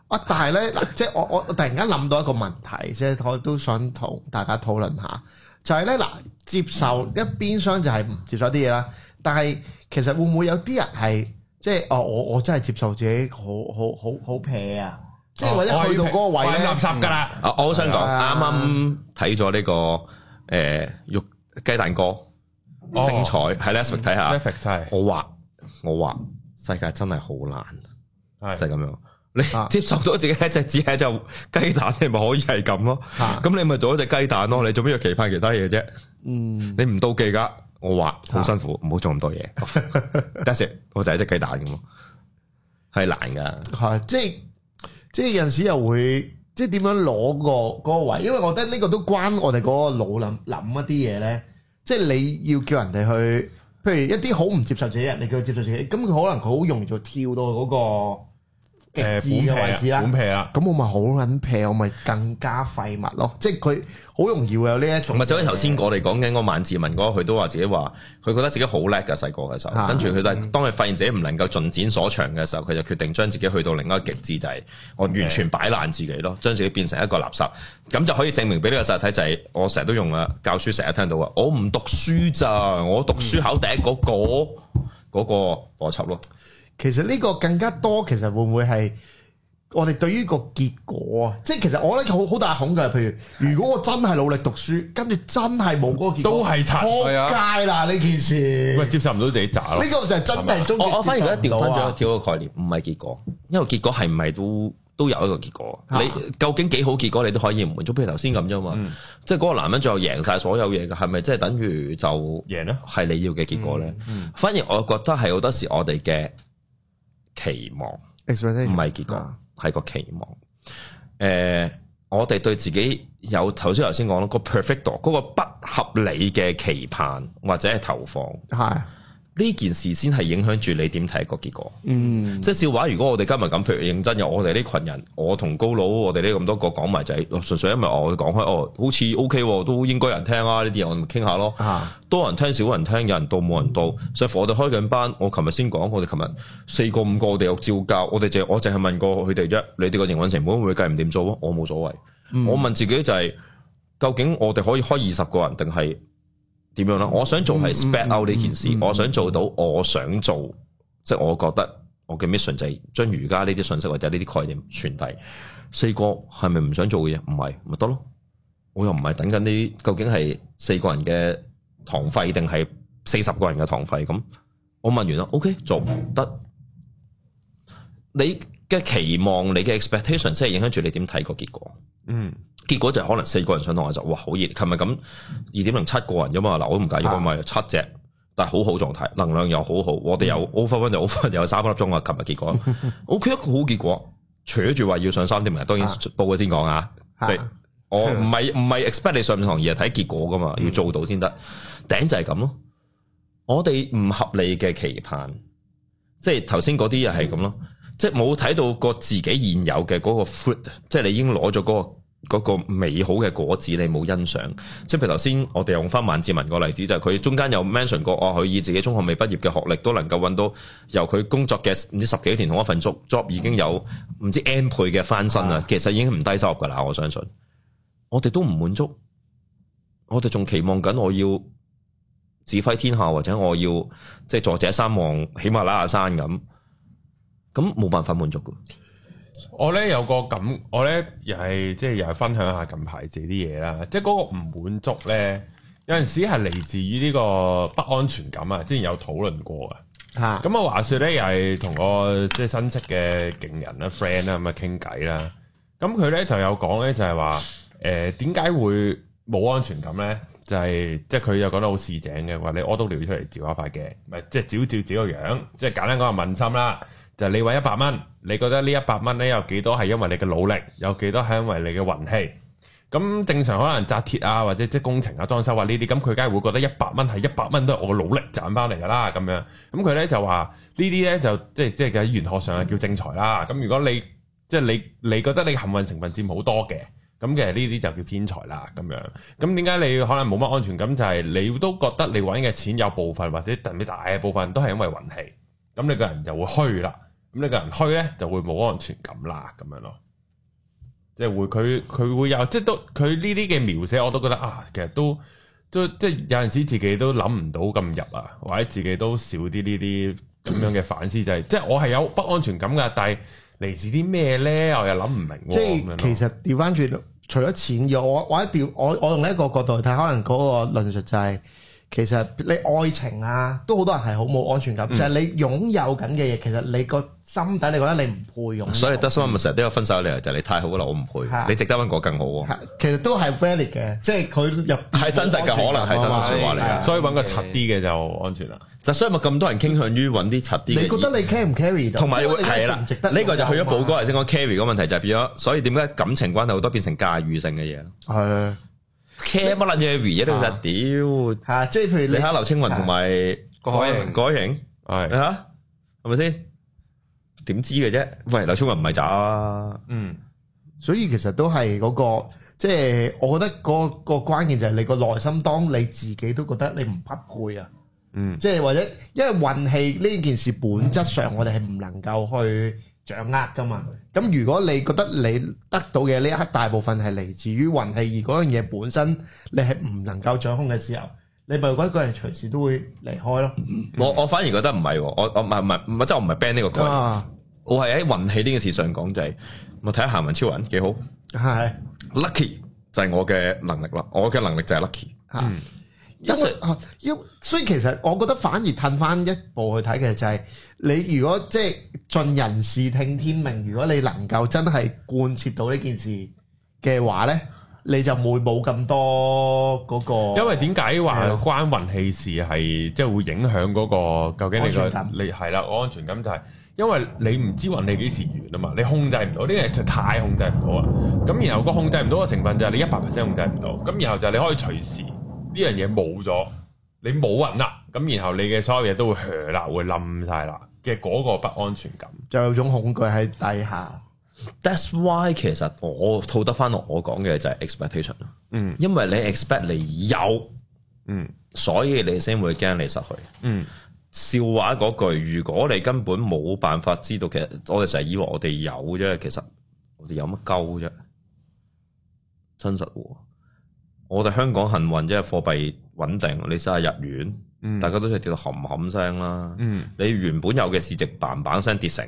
啊！但係咧嗱， 即係我我突然間諗到一個問題，即係我都想同大家討論下。就係咧嗱，接受一邊廂就係唔接受啲嘢啦。但係其實會唔會有啲人係即係哦？我我真係接受自己好好好好撇啊！即係或者去到嗰個位揾垃圾噶啦。我好、啊、想講啱啱睇咗呢個誒玉、呃、雞蛋哥精彩，係咧，睇下。我話我話世界真係好難，就係咁樣。完美你接受咗自己一隻只只係雞蛋，你咪可以係咁咯。咁、啊、你咪做一隻雞蛋咯。你做咩要期盼其他嘢啫？嗯，你唔妒忌噶。我話好辛苦，唔好、啊、做咁多嘢。得 時我就係一隻雞蛋咁咯。係難噶，係即係即係有陣時又會即係點樣攞個個位？因為我覺得呢個都關我哋嗰個腦諗諗一啲嘢咧。即係你要叫人哋去，譬如一啲好唔接受自己人，你叫佢接受自己人，咁佢可能佢好容易就跳到嗰、嗰個。極致嘅位置啦，咁、啊、我咪好撚撇，我咪更加廢物咯。即係佢好容易會有呢一種。唔係、嗯，就喺頭先我哋講緊嗰個萬志文嗰個，佢都話自己話，佢覺得自己好叻噶，細個嘅時候，嗯、跟住佢就係當佢發現自己唔能夠盡展所長嘅時候，佢就決定將自己去到另一個極致，就係、是、我完全擺爛自己咯，將自己變成一個垃圾，咁就可以證明俾呢個細路就係、是、我成日都用啊教書，成日聽到啊，我唔讀書咋，我讀書考第一嗰個嗰、那個邏輯咯。其實呢個更加多，其實會唔會係我哋對於個結果啊？即係其實我咧好好大恐懼。譬如如果我真係努力讀書，跟住真係冇嗰個結果，都係錯街啦呢件事。喂，接受唔到自己渣咯。呢個就係真定中、啊哦。我反而一掉翻轉，跳個概念，唔係結果，因為結果係唔係都都有一個結果。啊、你究竟幾好結果，你都可以唔滿足。譬如頭先咁啫嘛，即係嗰個男人最後贏晒所有嘢嘅，係咪即係等於就贏咧？係呢你要嘅結果咧？嗯嗯、反而我覺得係好多時我哋嘅。期望，唔係結果，係、啊、個期望。誒、呃，我哋對自己有頭先頭先講咯，個 perfect 度，嗰個不合理嘅期盼或者係投放，係。呢件事先係影響住你點睇個結果。嗯，即係笑話。如果我哋今日咁譬如認真，有我哋呢群人，我同高佬，我哋呢咁多個講埋仔，係純粹，因為我講開哦，好似 OK，都應該人聽啊。呢啲我咪傾下咯。啊，多人聽少人聽，有人到冇人到。嗯、所以我哋開緊班，我琴日先講，我哋琴日四個五個我哋有照教，我哋就我淨係問過佢哋啫。你哋個營運成本會計唔掂做我冇所謂。嗯、我問自己就係、是，究竟我哋可以開二十個人定係？點樣啦？我想做係 spell out 呢件事，嗯嗯嗯、我想做到我想做，即係我覺得我嘅 mission 就係將瑜伽呢啲信息或者呢啲概念傳遞。四哥係咪唔想做嘅嘢？唔係，咪得咯。我又唔係等緊呢，究竟係四個人嘅堂費定係四十個人嘅堂費？咁我問完啦、嗯、，OK，做得？你嘅期望，你嘅 expectation 即係影響住你點睇個結果。嗯。結果就可能四個人上堂就哇好熱，琴日咁二點零七個人啫嘛，嗱我都唔介意，唔係、啊、七隻，但係好好狀態，能量又好好，嗯、我哋有 open 就 open，有三粒鐘啊，琴日結果，OK 一個好結果，除咗住話要上三點零，當然報嘅先講啊，即係、就是、我唔係唔係 expect 你上堂而係睇結果噶嘛，要做到先得，頂、嗯、就係咁咯，我哋唔合理嘅期盼，即係頭先嗰啲又係咁咯，即係冇睇到個自己現有嘅嗰個 foot，即係你已經攞咗嗰個。嗰個美好嘅果子，你冇欣賞。即係譬如頭先，我哋用翻萬志文個例子，就係佢中間有 mention 過：「我佢以自己中學未畢業嘅學歷，都能夠揾到由佢工作嘅唔知十幾年同一份 job，job 已經有唔知 N 倍嘅翻身啊！其實已經唔低收入噶啦，我相信。我哋都唔滿足，我哋仲期望緊我要指揮天下，或者我要即係作者三望喜馬拉雅山咁，咁冇辦法滿足噶。我咧有個感，我咧又係即係，又係分享下近排自己啲嘢啦，即係嗰個唔滿足咧，有陣時係嚟自於呢個不安全感啊。之前有討論過啊，咁我話説咧又係同個即係新識嘅勁人啦、啊、friend 啦咁啊傾偈啦，咁佢咧就有講咧就係、是、話，誒點解會冇安全感咧？就係、是、即係佢又講得好市井嘅話，你屙到尿出嚟照一塊鏡，唔係即係照照自己個樣，即係簡單講下問心啦。就你揾一百蚊，你覺得呢一百蚊咧有幾多係因為你嘅努力，有幾多係因為你嘅運氣？咁正常可能紮鐵啊，或者即工程啊、裝修啊呢啲，咁佢梗係會覺得一百蚊係一百蚊都係我嘅努力賺翻嚟噶啦咁樣。咁佢咧就話呢啲咧就即係即係喺玄學上係叫正財啦。咁如果你即你你覺得你嘅幸運成分佔好多嘅，咁其實呢啲就叫偏財啦咁樣。咁點解你可能冇乜安全感就係、係、你都覺得你揾嘅錢有部分或者特別大部分都係因為運氣，咁你個人就會虛啦。咁你個人虛咧，就會冇安全感啦，咁樣咯，即係會佢佢會有，即係都佢呢啲嘅描寫，我都覺得啊，其實都都即係有陣時自己都諗唔到咁入啊，或者自己都少啲呢啲咁樣嘅反思，嗯、就係即係我係有不安全感噶，但係嚟自啲咩咧，我又諗唔明。即係其實調翻轉，除咗錢，我或者調我我用一個角度嚟睇，可能嗰個論述就係。其實你愛情啊，都好多人係好冇安全感，就係你擁有緊嘅嘢，其實你個心底你覺得你唔配用。所以得 e s m o 成日都有分手理由，就係你太好啦，我唔配，你值得揾個更好。其實都係 valid 嘅，即係佢入邊係真實嘅，可能係真實說話嚟，所以揾個柒啲嘅就安全啦。就所以咪咁多人傾向於揾啲柒啲嘅？你覺得你 carry 唔 carry？同埋係啦，值得呢個就去咗寶哥頭先講 carry 個問題，就係變咗，所以點解感情關係好多變成駕馭性嘅嘢？係。care 乜卵嘢嘅，呢啲其實屌吓，即係譬如你睇劉青雲同埋郭藹明、郭藹明，係吓係咪先？點知嘅啫？喂，劉青雲唔係渣，嗯，所以其實都係嗰個，即係我覺得嗰個關鍵就係你個內心，當你自己都覺得你唔匹配啊，嗯，即係或者因為運氣呢件事本質上，我哋係唔能夠去。掌握噶嘛？咁如果你覺得你得到嘅呢一刻大部分係嚟自於運氣，而嗰樣嘢本身你係唔能夠掌控嘅時候，你咪覺得個人隨時都會離開咯。我我反而覺得唔係，我我唔係唔係，即係我唔係 ban 呢個概念。我係喺運氣呢件事上講，就係我睇下行文超人幾好，係 lucky 就係我嘅能力啦。我嘅能力就係 lucky。因為，因所以其實我覺得反而褪翻一步去睇，其實就係你如果即係盡人事聽天命，如果你能夠真係貫徹到呢件事嘅話咧，你就冇冇咁多嗰個。因為點解話關運氣事係即係會影響嗰個究竟你個你係啦，我安全感就係因為你唔知運氣幾時完啊嘛，你控制唔到啲嘢就太控制唔到啊。咁然後個控制唔到嘅成分就係你一百 percent 控制唔到，咁然後就你可以隨時。呢樣嘢冇咗，你冇人啦，咁然後你嘅所有嘢都會 collapse，會冧晒啦嘅嗰個不安全感，就有種恐懼喺底下。That's why 其實我套得翻我講嘅就係 expectation 啦。嗯，因為你 expect 你有，嗯，所以你先會驚你失去。嗯，笑話嗰句，如果你根本冇辦法知道，其實我哋成日以為我哋有啫，其實我哋有乜鳩啫？真實喎。我哋香港幸運，即係貨幣穩定。你曬日元，大家都係跌到冚冚聲啦。嗯、你原本有嘅市值板板，砰砰聲跌成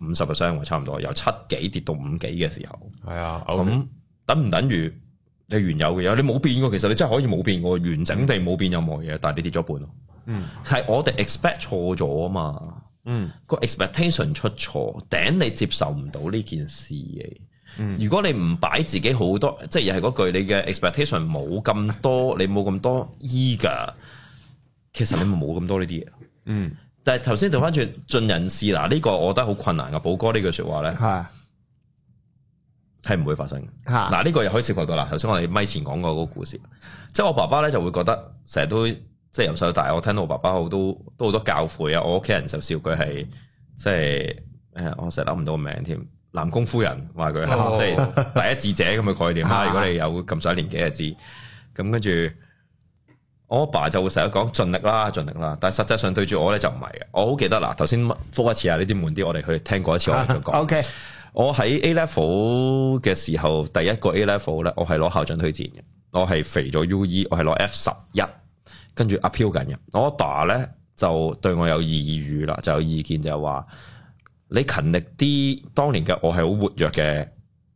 五十 percent 差唔多由七幾跌到五幾嘅時候。係啊，咁樣，okay，等唔等於你原有嘅嘢？你冇變過，其實你真係可以冇變過，完整地冇變任何嘢，但係你跌咗半咯。係、嗯、我哋 expect 錯咗啊嘛。個 expectation、嗯、出錯，頂你接受唔到呢件事嘅。如果你唔擺自己好多，即係又係嗰句，你嘅 expectation 冇咁多，你冇咁多 e 噶，其實你冇咁多呢啲嘢。嗯但，但係頭先做翻轉盡人事啦，呢個我覺得好困難噶。寶哥呢句說話咧，係係唔會發生嗱，呢、啊啊、個又可以涉及到啦。頭先我哋咪前講過嗰個故事，即係我爸爸咧就會覺得成日都即係由細到大，我聽到我爸爸好多都好多教誨啊。我屋企人就笑佢係即係誒，我成日諗唔到個名添。南宮夫人話佢係即係第一智者咁嘅概念啦。 如果你有咁上年紀就知，咁跟住我阿爸就會成日講盡力啦，盡力啦。但係實際上對住我咧就唔係嘅。我好記得嗱，頭先複一次啊，呢啲悶啲，我哋去聽過一次我哋就講。 OK，我喺 A level 嘅時候，第一個 A level 咧，我係攞校長推薦嘅，我係肥咗 U E，我係攞 F 十一，跟住 appeal 緊嘅。我阿爸咧就對我有異語啦，就有意見就係話。你勤力啲，當年嘅我係好活躍嘅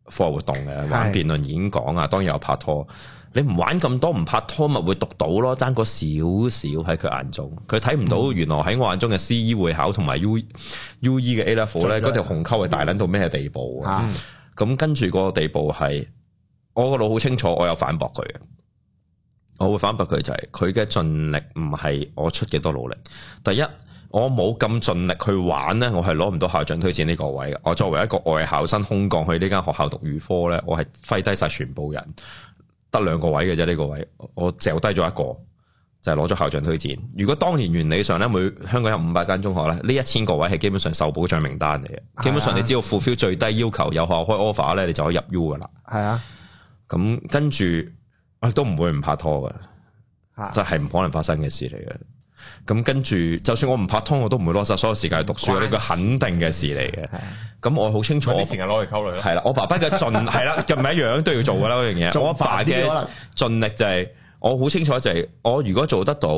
課外活動嘅，玩辯論演講啊，當然有拍拖。你唔玩咁多，唔拍拖咪會讀到咯，爭個少少喺佢眼中，佢睇唔到原來喺我眼中嘅 C E 會考同埋 U U E 嘅 A level 咧，嗰、嗯、條紅溝係大捻到咩地步？咁、嗯嗯、跟住嗰個地步係，我個腦好清楚，我有反駁佢嘅。我會反駁佢就係佢嘅盡力唔係我出幾多努力。第一。我冇咁盡力去玩呢，我係攞唔到校長推薦呢個位嘅。我作為一個外校生，空降去呢間學校讀預科呢，我係揮低晒全部人，得兩個位嘅啫。呢、呢個位我掉低咗一個，就係攞咗校長推薦。如果當年原理上呢，每香港有五百間中學呢，呢一千個位係基本上受保障名單嚟嘅。基本上你只要 fulfill 最低要求有學校開 offer 呢，你就可以入 U 噶啦。係啊，咁跟住我都唔會唔拍拖嘅，就係唔可能發生嘅事嚟嘅。咁跟住，就算我唔拍拖，我都唔會攞晒所有時間去讀書，呢個肯定嘅事嚟嘅。咁的我好清楚時間攞去溝女係啦，我爸爸嘅盡係啦，就唔係一樣都要做噶啦。嗰樣嘢，做，我爸嘅盡力就係、是，我好清楚就係、是，我如果做得到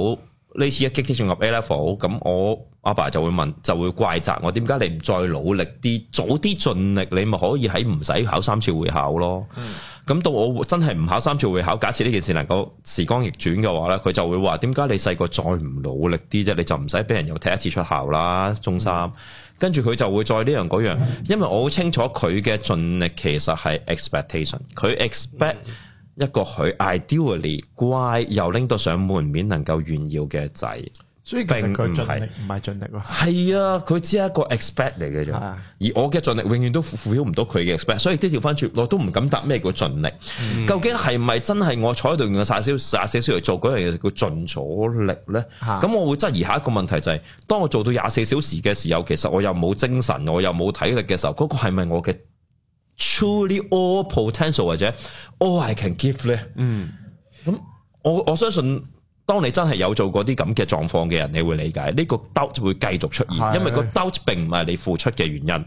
呢次一擊擊中入 A level，咁我阿爸、爸就會問，就會怪責我點解你唔再努力啲，早啲盡力，你咪可以喺唔使考三次會考咯。嗯咁到我真係唔考三次會考，假設呢件事能夠時光逆轉嘅話咧，佢就會話：點解你細個再唔努力啲啫，你就唔使俾人又踢一次出校啦，中三。嗯、跟住佢就會再呢樣嗰樣，因為我好清楚佢嘅盡力其實係 expectation，佢 expect 一個佢 ideally 乖又拎到上門面能夠炫耀嘅仔。所以並唔係唔係盡力咯，係啊，佢、啊、只係一個 expect 嚟嘅啫。啊、而我嘅盡力永遠都 fulfil 唔到佢嘅 expect，所以呢係調翻轉，我都唔敢答咩叫盡力。嗯、究竟係咪真係我坐喺度用晒少廿四小時嚟做嗰樣嘢叫盡咗力咧？咁、啊、我會質疑下一個問題就係、是，當我做到廿四小時嘅時候，其實我又冇精神，我又冇體力嘅時候，嗰、那個係咪我嘅 truly all potential 或者 all I can give 咧？嗯，咁我我相信。當你真係有做過啲咁嘅狀況嘅人，你會理解呢個 doubt 就會繼續出現。是的 因為個 doubt 並唔係你付出嘅原因，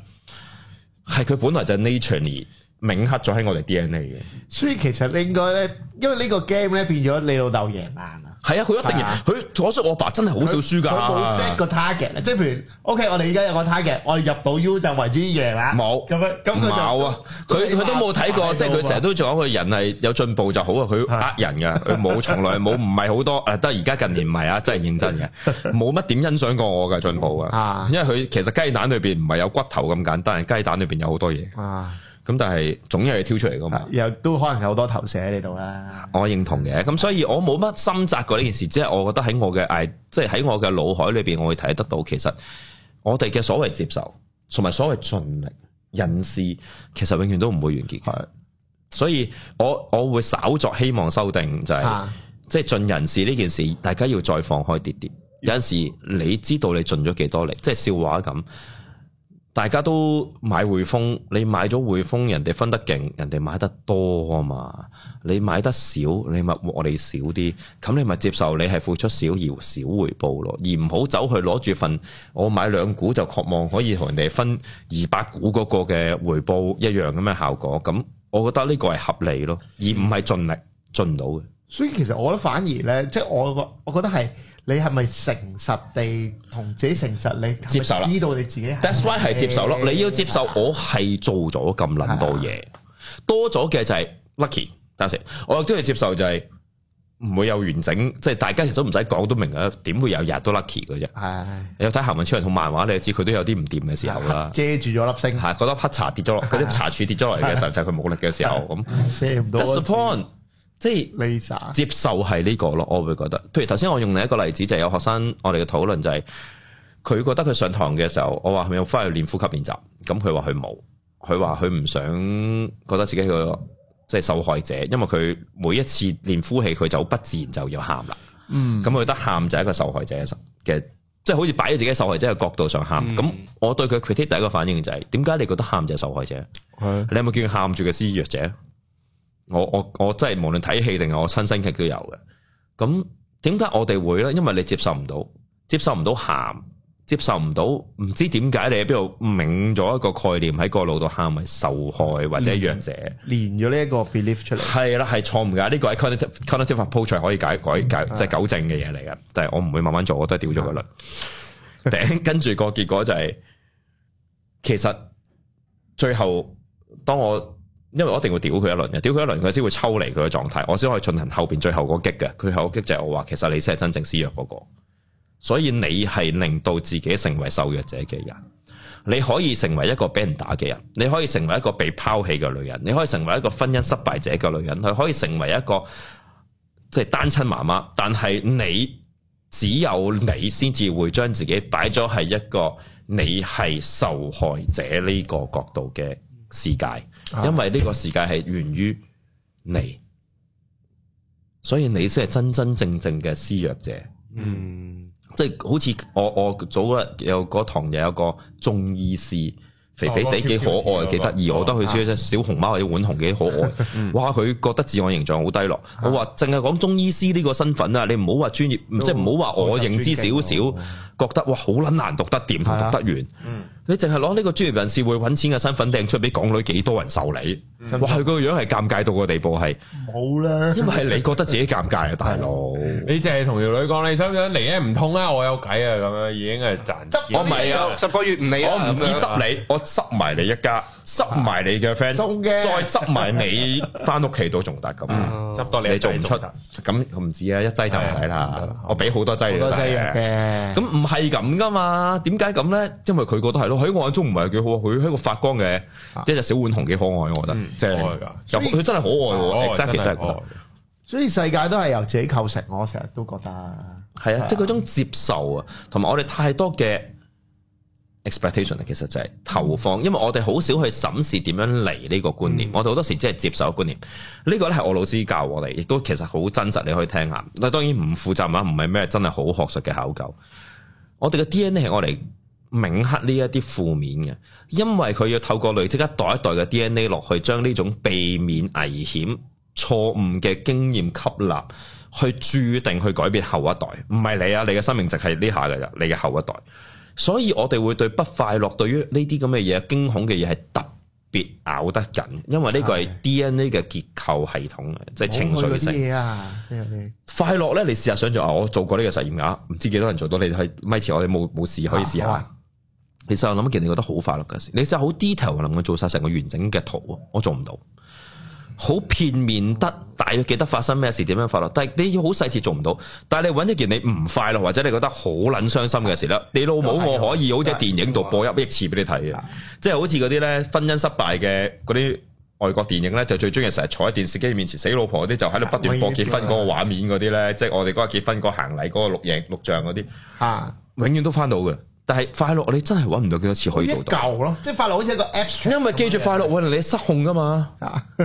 係佢本來就 naturally 銘刻咗喺我哋 DNA 嘅。所以其實你應該咧，因為呢個 game 咧變咗你老豆爺硬。係啊，佢一定啊，佢我相信我爸真係好少輸噶。佢冇 set 個 target 即係譬如，OK，我哋而家有個 target，我哋入到 U 就為之贏啦。冇，咁佢冇啊，佢佢都冇睇過，即係佢成日都做，佢人係有進步就好啊。佢呃人噶，佢冇，從來冇，唔係好多，誒，都係而家近年唔係啊，真係認真嘅，冇乜點欣賞過我嘅進步啊。因為佢其實雞蛋裏邊唔係有骨頭咁簡單，雞蛋裏邊有好多嘢啊。咁但係總有嘢挑出嚟噶嘛？又都可能有好多投射喺呢度啦。我認同嘅，咁所以我冇乜深責過呢件事，即係我覺得喺我嘅，即係喺我嘅腦海裏邊，我會睇得到，其實我哋嘅所謂接受同埋所謂盡力人事，其實永遠都唔會完結嘅。的所以我我會稍作希望修訂，就是，的就係即係盡人事呢件事，大家要再放開啲啲。有陣時你知道你盡咗幾多力，即係笑話咁。大家都買匯豐，你買咗匯豐，人哋分得勁，人哋買得多啊嘛，你買得少，你咪我哋少啲，咁你咪接受你係付出少而少回報咯，而唔好走去攞住份我買兩股就渴望可以同人哋分二百股嗰個嘅回報一樣咁嘅效果，咁我覺得呢個係合理咯，而唔係盡力盡唔到嘅。所以其實我咧反而咧，即係我個，我覺得係你係咪誠實地同自己誠實？你接受啦，知道你自己。That's why 係接受咯。你要接受我係做咗咁捻多嘢，多咗嘅就係 lucky。等陣，我亦都要接受就係唔會有完整。即係大家其實都唔使講都明啊，點會有日都 lucky 嘅啫。係，你要睇《行運超人》同漫畫，你就知佢都有啲唔掂嘅時候啦。遮住咗粒星，係嗰粒黑茶跌咗落，嗰啲茶柱跌咗落嚟嘅時候就係佢冇力嘅時候咁。That's the point。即係接受係呢、這個咯，我會覺得，譬如頭先我用另一個例子，就係、是、有學生我哋嘅討論就係、是，佢覺得佢上堂嘅時候，我話係咪要翻去練呼吸練習？咁佢話佢冇，佢話佢唔想覺得自己係個即係受害者，因為佢每一次練呼氣，佢就不自然就要喊啦。嗯，咁佢覺得喊就係一個受害者嘅，即、就、係、是、好似擺喺自己受害者嘅角度上喊。咁、嗯、我對佢 critic 第一個反應就係、是，點解你覺得喊就係受害者？的你有冇見喊住嘅施虐者？我我我真係無論睇戲定係我親身劇都有嘅，咁點解我哋會咧？因為你接受唔到，接受唔到咸，接受唔到，唔知點解你喺邊度明咗一個概念喺個腦度喊係受害或者弱者，連咗呢一個 belief 出嚟，係啦，係錯唔噶？呢個係 cognitive approach 可以解改解即係糾正嘅嘢嚟嘅。嗯啊、但係我唔會慢慢做，我都掉咗個輪頂，啊、 跟住個結果就係、是，其實最後當我。因為我一定會屌佢一輪嘅，屌佢一輪佢先會抽離佢嘅狀態，我先可以進行後邊最後嗰擊嘅。佢後擊就係我話，其實你先係真正施弱嗰個，所以你係令到自己成為受弱者嘅人。你可以成為一個俾人打嘅人，你可以成為一個被拋棄嘅女人，你可以成為一個婚姻失敗者嘅女人，佢可以成為一個即係單親媽媽。但係你只有你先至會將自己擺咗喺一個你係受害者呢個角度嘅世界。因為呢個世界係源於你，所以你先係真真正正嘅施虐者。嗯，即係好似我我早日有嗰堂，又有個中醫師，肥肥哋，幾可愛，幾得意。我覺得佢似一隻小熊貓或者浣熊，幾可愛。啊、哇！佢覺得自我形象好低落。我話淨係講中醫師呢個身份啦，你唔好話專業，很即係唔好話我認知少少，覺得哇好撚難讀得掂同讀得完。嗯。你淨係攞呢個專業人士會揾錢嘅身份掟出俾港女幾多人受理？哇！佢個樣係尷尬到個地步係冇啦，因為你覺得自己尷尬啊，大佬。你淨係同條女講你想唔想嚟咧？唔通啊！我有計啊！咁樣已經係賺我唔係啊，十個月唔嚟我唔止執你，我執埋你一家，執埋你嘅 friend，再執埋你返屋企都仲得咁。執多你做唔出，咁唔止啊！一劑就唔睇啦。我俾好多劑嘅，咁唔係咁噶嘛？點解咁咧？因為佢覺得係咯。喺我眼中唔係幾好，佢係個發光嘅一隻小浣熊幾可愛我覺得，可愛噶，又佢、就是、以真係可愛喎，真係可愛。所以世界都係由自己構成，我成日都覺得係啊，即係嗰種接受啊，同埋我哋太多嘅 expectation 啊，其實就係投放。嗯、因為我哋好少去審視點樣嚟呢個觀念，嗯、我哋好多時即係接受觀念。呢、這個咧係我老師教我哋，亦都其實好真實，你可以聽下。但係當然唔負責啊，唔係咩真係好學術嘅考究。我哋嘅 DNA 係我哋。銘刻呢一啲負面嘅，因為佢要透過累積一代一代嘅 DNA 落去，將呢種避免危險、錯誤嘅經驗吸納，去注定去改變後一代。唔係你啊，你嘅生命值係呢下嘅，你嘅後一代。所以我哋會對不快樂、對於呢啲咁嘅嘢、驚恐嘅嘢係特別咬得緊，因為呢個係 DNA 嘅結構系統，的即係情緒性。啊、快樂咧，你試下想象啊，我做過呢個實驗啊，唔知幾多人做到，你睇咪前我哋冇冇試，可以試下。啊其實我諗一件你覺得好快樂嘅事，你就好 detail 嘅諗，能夠做晒成個完整嘅圖，我做唔到，好片面得，但大約記得發生咩事，點樣快樂，但係你要好細節做唔到，但係你搵一件你唔快樂或者你覺得好撚傷心嘅事咧，的你老母我可以，好似電影度播一億次俾你睇，即係好似嗰啲咧婚姻失敗嘅嗰啲外國電影咧，就最中意成日坐喺電視機面前死老婆嗰啲，就喺度不斷播結婚嗰個畫面嗰啲咧，啊、即係我哋嗰日結婚嗰個行禮嗰個錄影錄像嗰啲，啊，永遠都翻到嘅。但係快樂，你真係搵唔到幾多次可以做到。夠咯，即係快樂好似一個 app。因為記住快樂，會令你失控噶嘛，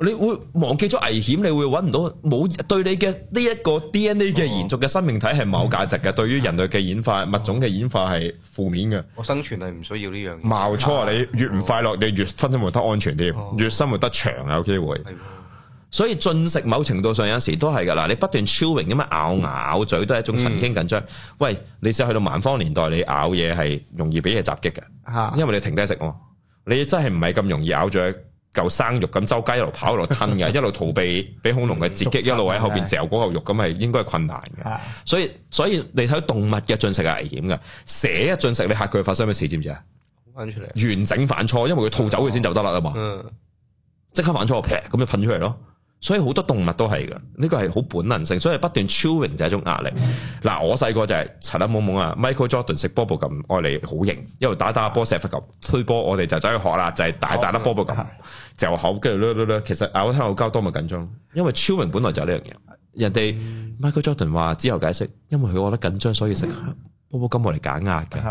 你會忘記咗危險，你會搵唔到，冇對你嘅呢一個 DNA 嘅延續嘅生命體係冇價值嘅，嗯、對於人類嘅演化、嗯、物種嘅演化係負面嘅。我生存係唔需要呢樣嘢。冇錯，你越唔快樂，嗯、你越生活得安全啲，嗯、越生活得長有機會。嗯嗯嗯所以進食某程度上有陣時都係噶啦，你不斷超榮咁樣咬牙咬嘴，都係一種神經緊張。嗯、喂，你試下去到蠻荒年代，你咬嘢係容易俾嘢襲擊嘅，嗯、因為你停低食，你真係唔係咁容易咬咗，嚿生肉咁周街一路跑一路吞嘅，一路逃避俾恐龍嘅截擊，一路喺後邊嚼嗰嚿肉，咁係應該係困難嘅。所以所以你睇動物嘅進食係危險嘅，蛇嘅進食你嚇佢發生咩事知唔知啊？噴出嚟，完整犯錯，因為佢吐走佢先、嗯嗯、就得啦嘛。即刻犯錯，劈咁就噴出嚟咯。所以好多動物都係噶，呢個係好本能性，所以不斷 chewing 就係、是、一種壓力。嗱， 我細個就係陳阿懵懵啊，Michael Jordan 食波波咁，愛嚟好型，一路打一打波，射罰球，推波，我哋就走去學啦，就係、是、打打得波波咁就口跟住，其實我聽我交多咪緊張，因為 chewing 本來就係呢樣嘢。人哋 Michael Jordan 話之後解釋，因為佢覺得緊張，所以食波波 我嚟減壓嘅，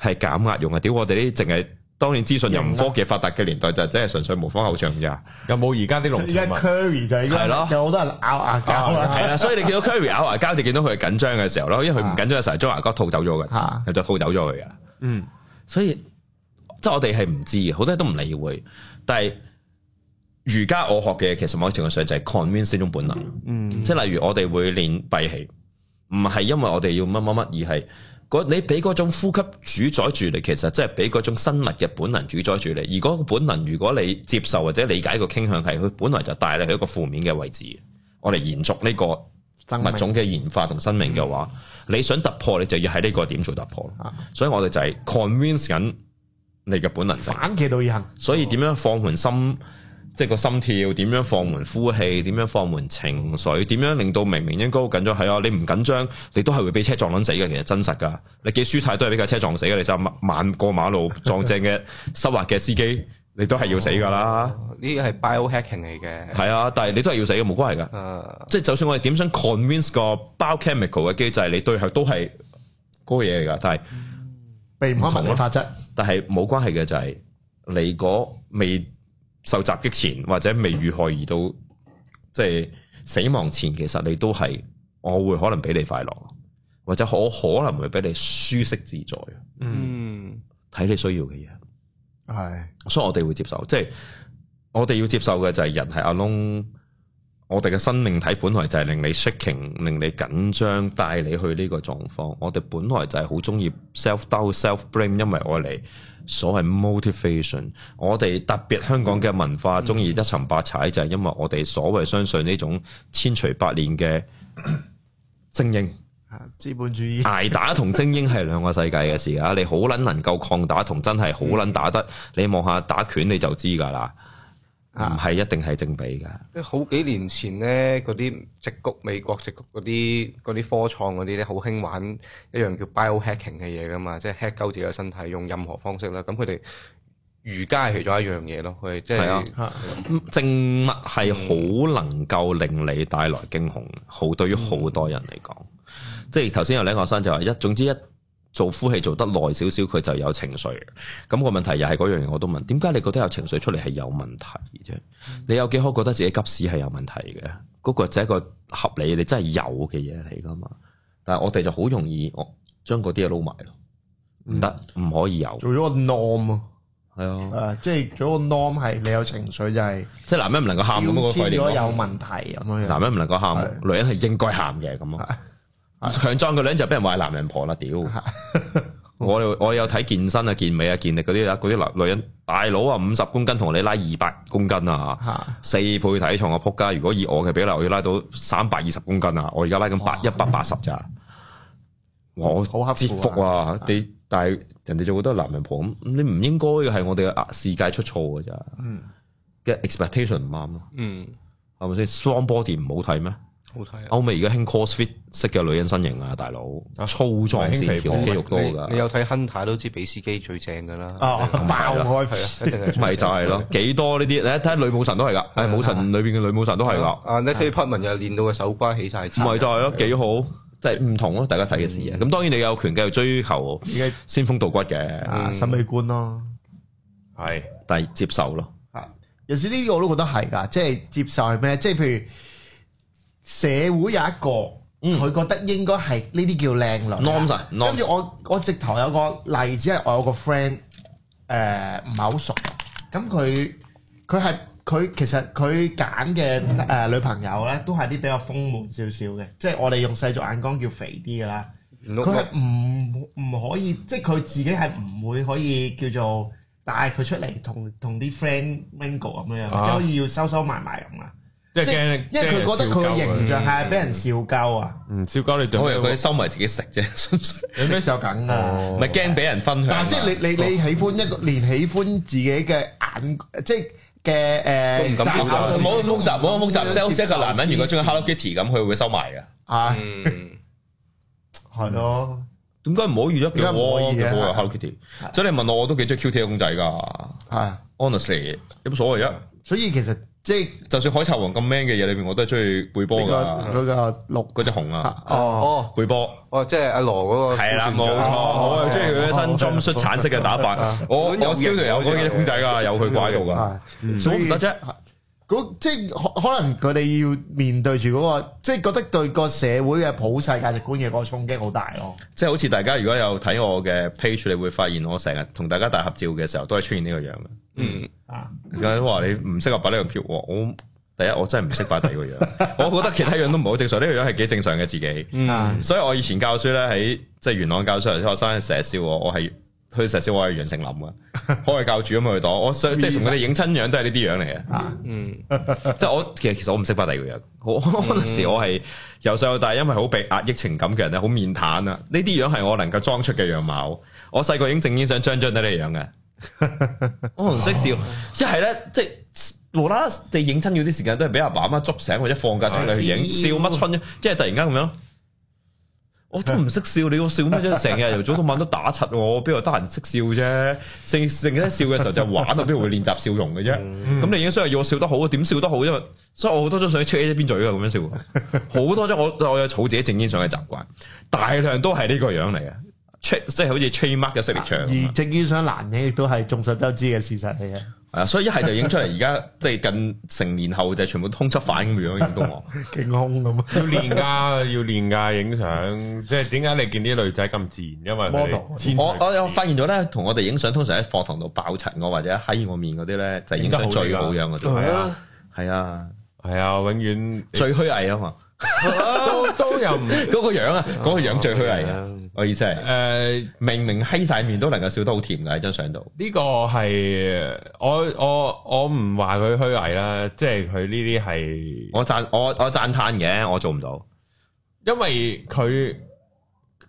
係減壓用嘅。屌我哋呢淨係。當然資訊又唔科技發達嘅年代，就真係純粹模仿偶像嘅，有冇而家啲龍？而 Curry 就而家咯有好多人咬牙膠啦，係啊， 所以你見到 Curry 咬牙膠就見到佢緊張嘅時候咯，因為佢唔緊張嘅時候將、啊、牙膠套走咗嘅，就套走咗佢嘅。嗯，所以即係我哋係唔知好多人都唔理會，但係瑜伽我學嘅其實某程度上就係 convince 呢種本能。嗯嗯、即係例如我哋會練閉氣，唔係因為我哋要乜乜乜，而係。你俾嗰種呼吸主宰住你，其實即係俾嗰種生物嘅本能主宰住你。如果本能如果你接受或者理解一個傾向係，佢本來就帶你去一個負面嘅位置。我哋延續呢個物種嘅演化同生命嘅話，命你想突破，你就要喺呢個點做突破。啊、所以我哋就係 convince 緊你嘅本能性，反其道而行。所以點樣放緩心？即係個心跳點樣放緩呼氣，點樣放緩情緒，點樣令到明明應該好緊張，係啊，你唔緊張，你都係會俾車撞撚死嘅。其實真實㗎，你幾舒泰都係俾架車撞死嘅。你就慢過馬路撞正嘅 濕滑嘅司機，你都係要死㗎啦。呢個係 biohacking 嚟嘅，係啊，但係你都係要死嘅，冇關係㗎。即係、嗯、就算我哋點想 convince 個 biochemical 嘅機制，你對向都係嗰嘢嚟㗎，但係避唔開物理法則。但係冇關係嘅就係，你果未受襲擊前或者未遇害，而到即係死亡前，其實你都係我會可能俾你快樂，或者我可能會俾你舒適自在，嗯，睇你需要嘅嘢係，是所以我哋會接受。即係我哋要接受嘅就係人係阿窿。我哋嘅生命體本來就係令你 shaking，令你緊張，帶你去呢個狀況。我哋本來就係好中意 self doubt、self blame，因為我嚟，所謂 motivation。我哋特別香港嘅文化中意、嗯、一沉百踩，嗯、就係因為我哋所謂相信呢種千錘百煉嘅 精英。啊，資本主義捱打同精英係兩個世界嘅事啊！ 你好捻能，能夠抗打，同真係好捻打得。嗯、你望下打拳你就知噶啦。唔係一定係正比㗎。嗯、好幾年前咧，嗰啲矽谷美國矽谷嗰啲啲科創嗰啲咧，好興玩一樣叫 biohacking 嘅嘢㗎嘛，即係 hack 鳩自己嘅身體，用任何方式啦。咁佢哋瑜伽係其中一樣嘢咯。佢哋即係精密係好能夠令你帶來驚恐，好、嗯、對於好多人嚟講，嗯、即係頭先有啲學生就話一總之一。做呼氣做得耐少少，佢就有情緒。咁個問題又係嗰樣嘢，我都問：點解你覺得有情緒出嚟係有問題啫？你有幾可覺得自己急屎係有問題嘅？嗰個就係一個合理，你真係有嘅嘢嚟噶嘛？但係我哋就好容易，我將嗰啲嘢撈埋咯，唔得，唔可以有。做咗個 norm 啊，係啊，誒，即係做咗個 norm 係你有情緒就係，即係男人唔能夠喊咁個概念，有問題男人唔能夠喊，的女人係應該喊嘅咁咯。 強壯嘅女人就俾人話係男人婆啦，屌！ 是我我有睇健身啊、健美啊、健力嗰啲啊，嗰啲男女人大佬啊，五十公斤同你拉二百公斤啊，四倍體重個撲街！如果以我嘅比例，我要拉到三百二十公斤啊，我而家拉緊百一百八十咋？我好折福啊！嗯、啊你但係人哋就覺得男人婆咁，你唔應該嘅係我哋嘅世界出錯嘅咋？嗯，嘅 expectation 唔啱咯。嗯，係咪先？Strong body 唔好睇咩？歐美而家興 CrossFit 式嘅女人身形啊，大佬粗壯先，肌肉多噶。你有睇 Hunter 都知比司機最正噶啦。爆開佢啊，一定係咪就係咯？幾多呢啲？你睇下女武神都係噶，誒，武神裏邊嘅女武神都係噶。啊，你睇匹文又練到個手瓜起晒。咪就係咯，幾好，即係唔同咯。大家睇嘅事啊，咁當然你有權繼續追求，先風倒骨嘅審美觀咯，係，但係接受咯。啊，有時呢個我都覺得係噶，即係接受係咩？即係譬如。社會有一個，佢覺得應該係呢啲叫靚女。跟住我，我直頭有個例子係我有個 friend，誒，唔係好熟。咁佢佢係佢其實佢揀嘅誒女朋友咧，都係啲比較豐滿少少嘅，即係我哋用世俗眼光叫肥啲㗎啦。佢係唔，唔可以，即係佢自己係唔會可以叫做帶佢出嚟同同啲 friend mingle 咁樣，所以要收收埋埋咁啦。即係驚，因為佢覺得佢嘅形象係俾人笑鳩啊！唔笑鳩，你仲可以佢收埋自己食啫。有咩時候咁啊？唔係驚俾人分享。但係即係你你你喜歡一個，連喜歡自己嘅眼，即係嘅誒，雜巧唔好咁複雜，唔好咁複雜。即係一個，男人如果中意 Hello Kitty 咁，佢會收埋嘅。係，係咯。點解唔好預咗叫我嘅 Hello Kitty？所以你問我，我都幾中意 Q T 公仔噶。係，Honestly，有乜所謂啊？所以其實。即係就算《海賊王》咁 man 嘅嘢裡邊，我都係中意背波噶。嗰個綠嗰隻熊啊，哦哦，背波哦，即係阿羅嗰個。係啦，冇錯，我係中意佢一身棕、橘、橙色嘅打扮。我有肖條有嗰隻公仔噶，有佢怪獸噶，都唔得啫。嗰即係可能佢哋要面對住嗰個，即係覺得對個社會嘅普世價值觀嘅嗰個衝擊好大咯。即係好似大家如果有睇我嘅 page，你會發現我成日同大家大合照嘅時候都係出現呢個樣嘅。嗯。啊！而家都話你唔適合擺呢個票，我第一我真係唔識擺第二個樣，我覺得其他樣都唔係好正常，呢 個樣係幾正常嘅自己。嗯，所以我以前教書咧喺即係元朗教書，啲學生成日笑我，笑我，我係佢成日笑我係楊成林啊，開教主咁去講。我即係從佢哋影親樣都係呢啲樣嚟嘅啊嗯。嗯，即係我其實其實我唔識擺第二個樣。我當時我係由細到大，因為好被壓抑情感嘅人咧，好面癱啊。呢啲樣係我能夠裝出嘅樣貌。我細個影證件相張張都係呢樣嘅。 我唔識笑，一係咧即係無啦啦地影親嗰啲時間都係俾阿爸阿媽捉醒，或者放假出嚟去影笑乜春啫，即係突然間咁樣。我都唔識笑你，要笑乜啫？成日由早到晚都打柒我，邊度得閒識笑啫？成成日笑嘅時候就玩到邊度會練習笑容嘅啫？咁你已經需要要我笑得好，點笑得好啫？所以我多張好多張相出 A 一邊嘴啊，咁樣笑，好多張我我有儲自己正經相嘅習慣，大量都係呢個樣嚟嘅。即係好似 Trademark 嘅色力場，而正要想難影，亦都係眾所周知嘅事實嚟嘅。係啊，所以一係就影出嚟，而家即係近成年後就全部通緝犯咁樣影到我勁空咁啊！要練噶，要練噶影相。即係點解你見啲女仔咁自然？因為我我我發現咗咧，同我哋影相通常喺課堂度爆塵我或者喺我面嗰啲咧，就影相最好樣嘅。係啊，係啊，係啊，永遠最虛偽啊嘛！都都又唔嗰個樣啊，嗰 個樣最虛偽啊。 我意思係誒、 呃，明明黑晒面都能夠笑得好甜嘅，喺張相度。呢個係我我我唔話佢虛偽啦，即係佢呢啲係我讚我我讚嘆嘅。我做唔到，因為佢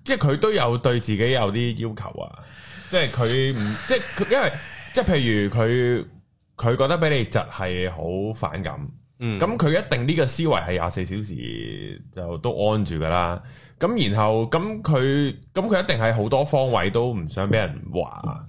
即係佢都有對自己有啲要求啊。即係佢唔即係佢因為即係譬如佢佢覺得俾你窒係好反感。嗯，咁佢一定呢個思維係廿四小時就都安住噶啦，咁然後咁佢咁佢一定係好多方位都唔想俾人話，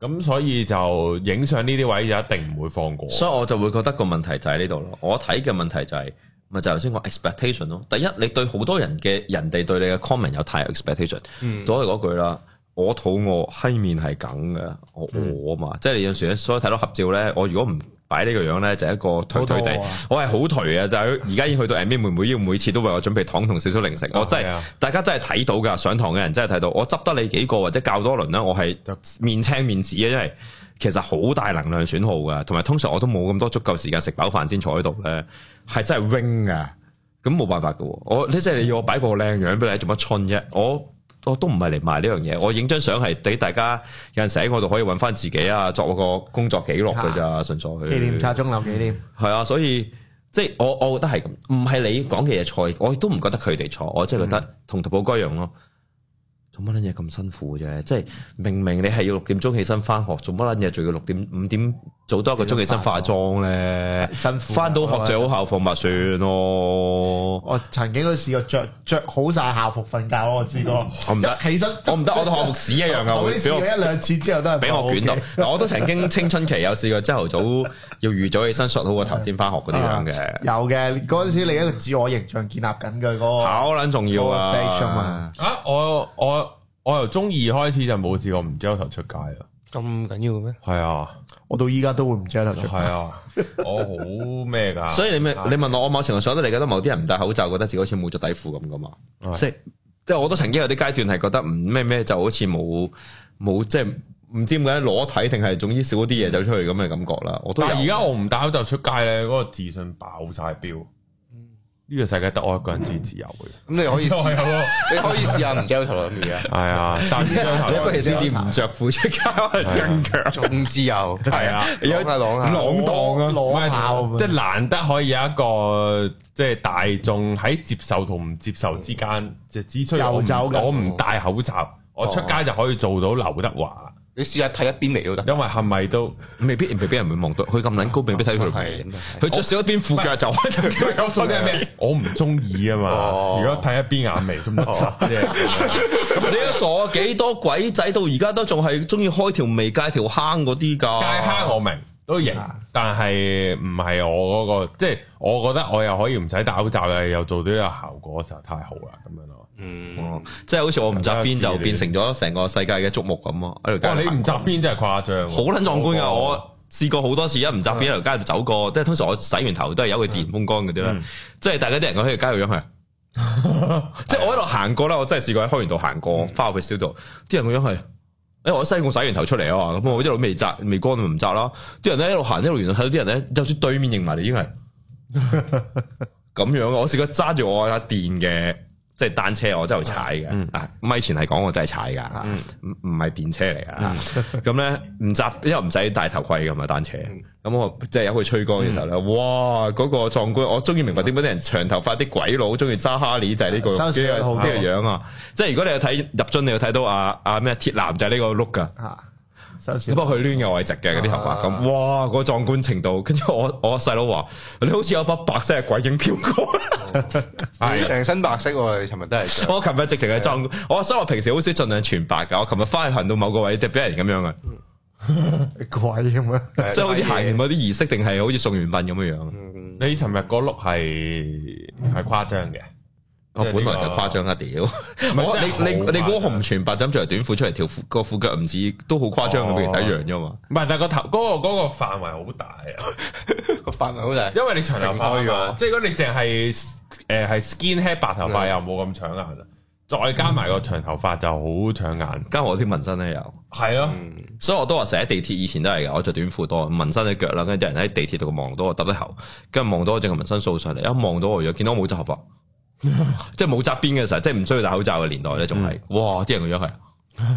咁所以就影相呢啲位就一定唔會放過。所以我就會覺得個問題就喺呢度咯。我睇嘅問題就係、是、咪就頭先講 expectation 咯。第一，你對好多人嘅人哋對你嘅 comment 有太有 expectation，嗯，都係嗰句啦。我肚餓，閪面係梗嘅，我餓啊嘛。即係你有陣時所以睇到合照咧，我如果唔擺呢個樣咧，就一個頹頹地，我係好頹啊！就而、是、家已經去到 MBA，妹妹要每次都為我準備糖同少少零食。哦、我真係、啊、大家真係睇到噶，上堂嘅人真係睇到我執得你幾個或者教多輪啦。我係面青面紫啊，因為其實好大能量損耗噶，同埋通常我都冇咁多足夠時間食飽飯先坐喺度咧，係真係 wing 噶。咁冇辦法噶，我你真係要我擺個靚樣俾你，做乜春啫？我。我都唔係嚟賣呢樣嘢，我影張相係俾大家有陣時喺我度可以揾翻自己啊，作我個工作記錄噶咋，純粹去紀念冊中留紀念。係啊，所以即係我我覺得係咁，唔係你講嘅嘢錯，我亦都唔覺得佢哋錯，我真係覺得、嗯、同淘寶哥樣咯，做乜撚嘢咁辛苦啫？即係明明你係要六點鐘起身翻學，做乜撚嘢仲要六點五點？早多一個鐘起身化妝咧，辛苦翻到學着好校服咪算咯。我曾經都試過着着好晒校服瞓覺，我試過。我唔得起身，我唔得，我都校服屎一樣噶。我試過一兩次之後都係俾我捲到。我都曾經青春期有試過，朝頭早要預早起身梳好個頭先翻學嗰啲樣嘅。有嘅，嗰陣時你一個自我形象建立緊嘅嗰個好撚重要啊！啊，我我我由中二開始就冇試過唔梳頭出街啦。咁緊要嘅咩？係啊。我到依家都會唔着得出，係啊，我好咩噶？所以你咩？你問我，我某程度上都嚟，覺得某啲人唔戴口罩，覺得自己好似冇着底褲咁噶嘛？即係即係，我都曾經有啲階段係覺得唔咩咩，就好似冇冇即係唔知點解裸體，定係總之少啲嘢走出去咁嘅感覺啦。但係而家我唔戴口罩出街咧，嗰個自信爆晒標。呢個世界得我一個人最自由嘅，咁你可以試下，你可以試下唔戴頭盔啊！係啊，但係一個嘅試試唔着褲出街，更強，更自由，係啊，有朗朗盪啊，唔係點即係難得可以有一個即係大眾喺接受同唔接受之間，就指出。只需要我唔戴口罩，我出街就可以做到劉德華。你試下睇一邊眉都得，因為係咪都未必未必人會望到佢咁撚高，未必睇佢。佢著少一邊褲腳就開條眉，我唔中意啊嘛！如果睇一邊眼眉都唔得，你都傻幾多鬼仔到而家都仲係中意開條眉、戒條坑嗰啲噶？戒坑我明都型，但係唔係我嗰個，即係我覺得我又可以唔使戴口罩嘅，又做到呢個效果，實在太好啦咁樣咯。嗯，即係好似我唔紮辮就變成咗成個世界嘅矚目咁啊！哇，你唔紮辮真係誇張，好捻壯觀噶！我試過好多次邊，嗯、一唔紮辮一條街就走過，即係通常我洗完頭都係有一個自然風乾嗰啲啦。嗯、即係大家啲人講喺街度個樣係，嗯、即係我喺度行過啦，我真係試過喺開源道行過，嗯、花火小度，啲人個樣係。哎，我西貢洗完頭出嚟，啊，咁我一路未紮，未乾咪唔紮啦。啲人咧一路行一路，原來睇到啲人咧，就算對面認埋你已經係咁樣。我試過揸住我架電嘅。即係單車，我真係會踩嘅。啊，咪、嗯啊、前係講我真係踩噶，唔唔係電車嚟噶。咁咧唔執，因為唔使戴頭盔噶嘛，單車。咁、嗯、我即係有去吹乾嘅時候咧，嗯、哇！嗰、那個壯觀，我終於明白點解啲人長頭髮啲鬼佬中意揸哈利仔呢個，邊個邊個樣啊？的即係如果你有睇入樽，你有睇到啊啊咩、啊、鐵男仔呢個 look 噶。啊不過佢攣嘅，位，直嘅嗰啲頭髮咁，哇、啊，嗰、那個壯觀程度，跟住我我細佬話，你好似有把白色鬼影飄過，係 成、哦、身白色、啊，你尋日都係， 我尋日直情係壯觀，的我所以我平時好少盡量全白噶，我尋日翻去行到某個位就俾人咁樣啊，鬼咁啊，即係好似行完某啲儀式定係好似送完殯咁樣樣，嗯、你尋日嗰碌係係誇張嘅。這個、我本來就誇張一屌！我是 你你你嗰個紅唇白枕着條短褲出嚟條褲個褲腳唔止都好誇張嘅，畀人睇樣啫嘛。唔係，但係、個頭嗰、嗰嗰個範圍好大啊，個範圍好大。因為你長頭髮，啊、即係如果你淨係誒係、呃、skinhead 白頭髮又冇咁搶眼，對再加埋個長頭髮就好搶眼。嗯、加埋啲紋身咧又係咯，所以我都話成日地鐵以前都係噶，我着短褲多，紋身嘅腳啦，跟住人喺地鐵度望到我耷低頭，跟住望到我淨係紋身掃上嚟，一望到我又見到我冇紮頭髮。 即係冇紮邊嘅時候，即係唔需要戴口罩嘅年代咧，仲係哇啲人去咗佢，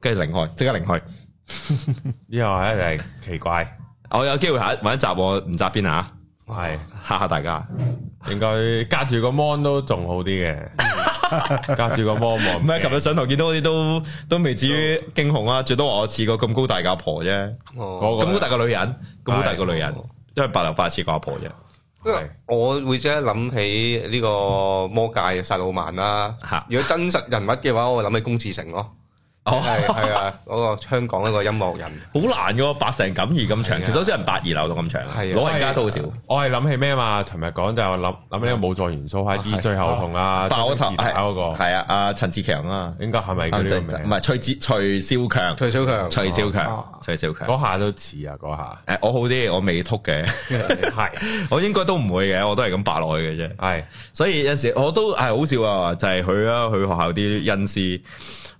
跟住擰開，即刻擰開。呢下咧，一定係奇怪，我有機會下一揾，一集我唔紮邊吓，係吓吓大家。應該隔住個芒都仲好啲嘅，隔住個芒咩琴日上堂見到啲都都未至於驚恐啊，最多我似個咁高大，哦，個阿婆啫。咁高大個女人，咁高大個女人， 因為白頭髮似個阿婆啫。因為我會即刻諗起呢個魔戒薩魯曼啦，如果真實人物嘅話，我會諗起龔自成咯。哦，係啊，嗰個香港一個音樂人，好難噶，白成咁而咁長，其實好少人白二流到咁長，老人家都好少。我係諗起咩嘛？琴日講就係我諗諗起一個輔助元素，係啲最後同阿陳自強嗰個，係啊，阿陳志強啊，應該係咪叫呢個名？唔係，徐志徐少強，徐少強，徐少強，徐少強，嗰下都似啊，嗰下。誒，我好啲，我未禿嘅。係，我應該都唔會嘅，我都係咁白落去嘅啫。係，所以有時我都係好笑啊，就係佢啦，佢學校啲恩師。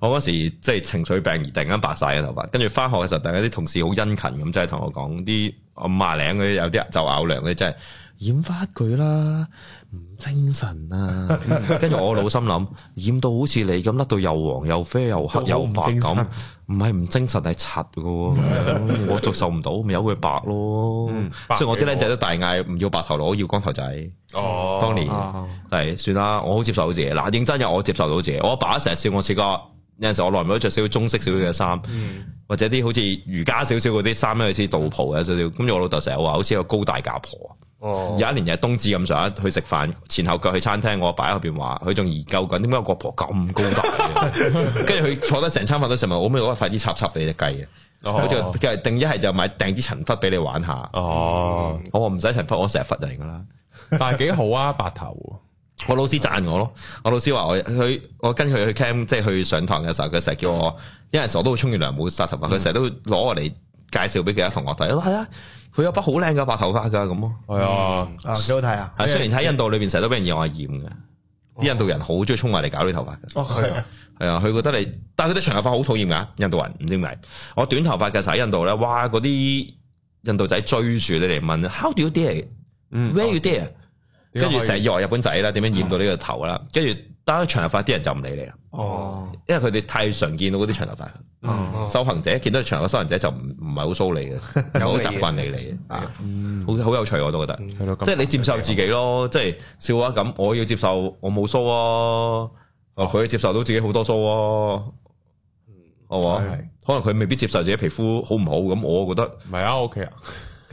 我嗰時即係情緒病而突然間白晒嘅頭髮，跟住翻學嘅時候，突然間啲同事好殷勤咁，即係同我講啲五啊零嗰啲，有啲就咬糧嗰啲，即係染翻佢啦，唔精神啊！跟住 我老心諗染到好似你咁甩到又黃又啡又黑又白咁，唔係唔精神，係柒嘅。我接受唔到，咪由佢白咯。所以我啲靚仔都大嗌唔要白頭佬，我要光頭仔。哦，當年係算啦，我好接受到自己。嗱，認真有我，我接受到自己。我阿爸成日笑我，四哥。有陣時我內面都着少少中式少少嘅衫，嗯、或者啲好似瑜伽少少嗰啲衫咧，似道袍嘅少少。咁我老豆成日話，好似個高大架婆。哦、有一年又係冬至咁上下去食飯，前後腳去餐廳，我阿爸喺入邊話，佢仲研究緊，點解個婆咁高大？跟住佢坐得成餐飯都食埋，好尾攞個筷子插插你隻雞嘅。哦，好似一係就買定啲塵拂俾你玩下。哦，我唔使塵拂，我成日拂人噶啦。 但係幾好啊，白頭。我老師讚我咯，我老師話我佢，我跟佢去 camp 即係去上堂嘅時候，佢成日叫我，嗯、因為成日我都沖完涼冇紮頭髮，佢成日都攞我嚟介紹俾其他同學睇。哦，係啊，佢有筆好靚嘅白頭髮噶咁咯，係啊，啊幾好睇啊，雖然喺印度裏邊成日都俾人話染嘅，啲哇印度人好中意衝埋嚟搞啲頭髮，哦係，係啊，佢、嗯啊啊、覺得你但係佢啲長頭髮好討厭噶，印度人唔知點解，我短頭髮嘅時候喺印度咧，哇嗰啲印度仔追住你嚟問，how do you dare？where、mm. you dare？跟住成日以為日本仔啦，點樣染到呢個頭啦？跟住打長頭髮啲人就唔理你啦。哦，因為佢哋太常見到嗰啲長頭髮。嗯，修行者見到長嘅修行者就唔唔係好騷你嘅，就好習慣你嚟嘅。啊，好好有趣，我都覺得。即係你接受自己咯。即係笑話咁，我要接受我冇騷啊。哦，佢接受到自己好多騷啊。嗯，係嘛？可能佢未必接受自己皮膚好唔好咁，我覺得。唔係啊，OK 啊。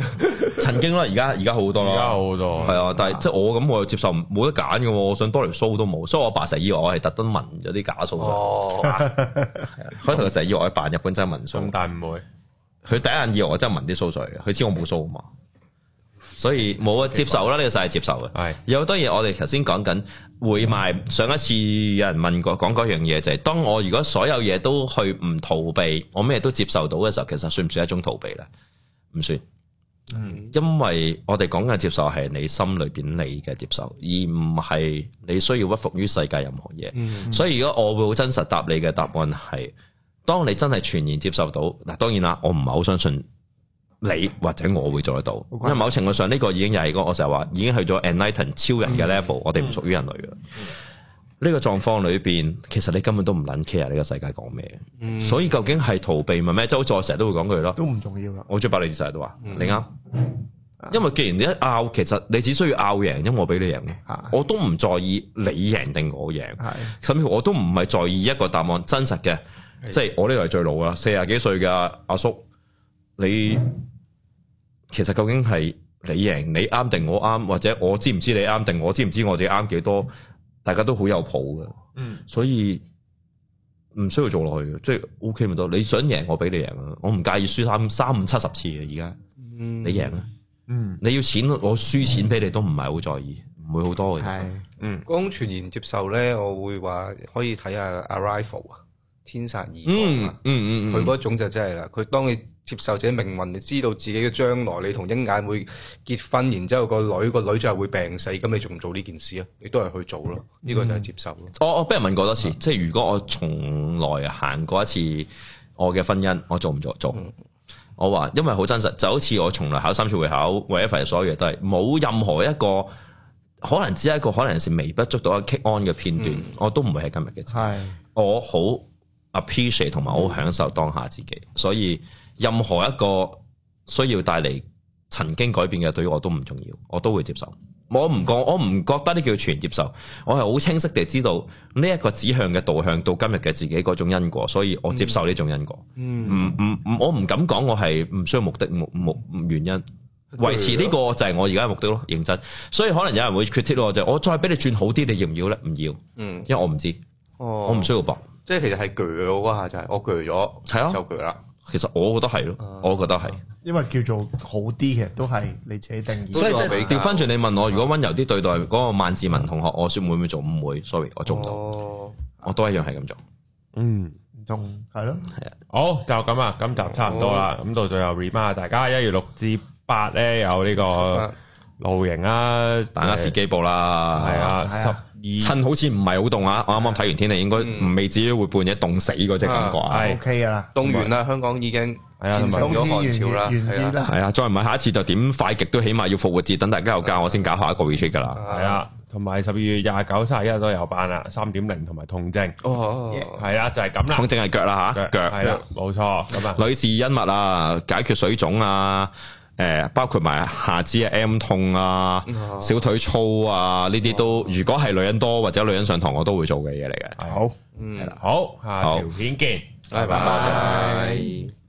曾經啦，而家而家好多啦，而家好多係啊，但係即係我咁，我又接受冇得揀嘅，我想多條鬚都冇，所以我爸成日以為我係特登聞咗啲假鬚水。哦，係啊，開頭成日以為我扮日本真係聞鬚，咁但唔會，佢第一眼以為我真係聞啲鬚水嘅，佢知我冇鬚啊嘛，所以冇接受啦，呢個世係接受嘅，係 有好多嘢我哋頭先講緊會賣，上一次有人問過，講嗰樣嘢就係，是，當我如果所有嘢都去唔逃避，我咩都接受到嘅時候，其實算唔算一種逃避咧？唔算。嗯，因為我哋講嘅接受係你心裏面你嘅接受，而唔係你需要屈服於世界任何嘢。嗯嗯、所以如果我會好真實答你嘅答案係，當你真係全然接受到，嗱當然啦，我唔係好相信你或者我會做得到。嗯嗯、因為某程度上呢、嗯、個已經又係一個我成日話已經去咗 enlighten 超人嘅 level，我哋唔屬於人類嘅。嗯嗯嗯呢個狀況裏邊，其實你根本都唔撚 care 呢個世界講咩，嗯、所以究竟係逃避咪咩？即係我成日都會講句咯，都唔重要啦。我最怕你成日都話，嗯、你啱對，因為既然你一拗，其實你只需要拗贏，因為我俾你贏嘅，啊、我都唔在意你贏定我贏，的甚至乎我都唔係在意一個答案真實嘅，即係的我呢個係最老啦，四十幾歲嘅阿叔，你其實究竟係你贏，你啱定我啱，或者我知唔知你啱定我知唔知，我，知，我，知我自己啱幾多？大家都好有譜嘅，嗯、所以唔需要做落去嘅，即係 OK 唔到你想贏，我俾你贏啊，我唔介意輸三三五七十次嘅，而家你贏啦。嗯，你，嗯你要錢我輸錢俾你都唔係好在意，唔會好多嘅。係，嗯，咁全然接受咧，我會話可以睇下 arrival 啊。天煞異降啊！嗯嗯，佢嗰種就真係啦。佢當你接受自己命運，你知道自己嘅將來，你同鷹眼會結婚，然之後個女，那個女就係會病死。咁你仲做呢件事啊？你都係去做咯。呢、這個就係接受咯。哦哦、嗯，俾人問過多次，即係如果我從來行過一次我嘅婚姻，我做唔做做？做嗯、我話因為好真實，就好似我從來考三次會考，為一凡所有嘢都係冇任何一個可能，只係一個可能是微不足道一個 kick on 嘅片段，嗯、我都唔會喺今日嘅。係是我好。appreciate 同埋好享受當下自己，所以任何一個需要帶嚟曾經改變嘅對我都唔重要，我都會接受。我唔覺我唔覺得呢叫全接受，我係好清晰地知道呢一個指向嘅導向到今日嘅自己嗰種因果，所以我接受呢種因果嗯。嗯，唔唔我唔敢講我係唔需要目的目，目原因維持呢個就係我而家目的咯，認真。所以可能有人會決定咯，就我再俾你轉好啲，你要唔要呢？唔要，嗯，因為我唔知，嗯嗯、我唔需要搏。即係其實係鋸咗下就係我鋸咗，係啊就鋸啦。其實我覺得係咯，嗯、我覺得係。因為叫做好啲嘅都係你自己定義。所以你係調翻轉你問我，如果温柔啲對待嗰、那個萬志文同學，我說會唔會做？唔會，sorry，我做唔到。哦、我都一樣係咁做。嗯，仲係咯，係啊。好，就咁啊，今集差唔多啦。咁、哦、到最後 remark，大家一月六至八咧有呢、這個。露營啊，大家時機報啦，係啊，十二趁好似唔係好凍啊，我啱啱睇完天氣，應該唔未至於會半夜凍死嗰隻感覺，係 OK 噶啦。凍完啦，香港已經減少咗寒潮啦，係啊，再唔係下一次就點快極都起碼要復活節，等大家有假我先搞下一個 WeChat 噶啦，係啊，同埋十二月廿九、三十一都有班啦，三點零同埋痛症，哦，係啊，就係咁啦，痛症係腳啦吓，腳係啦，冇錯，女士恩物啊，解決水腫啊。誒，包括埋下肢嘅 M 痛啊，ong, 小腿粗啊，呢啲都如果係女人多或者女人上堂，我都會做嘅嘢嚟嘅。好，的嗯，好，下條片見，好拜拜。拜拜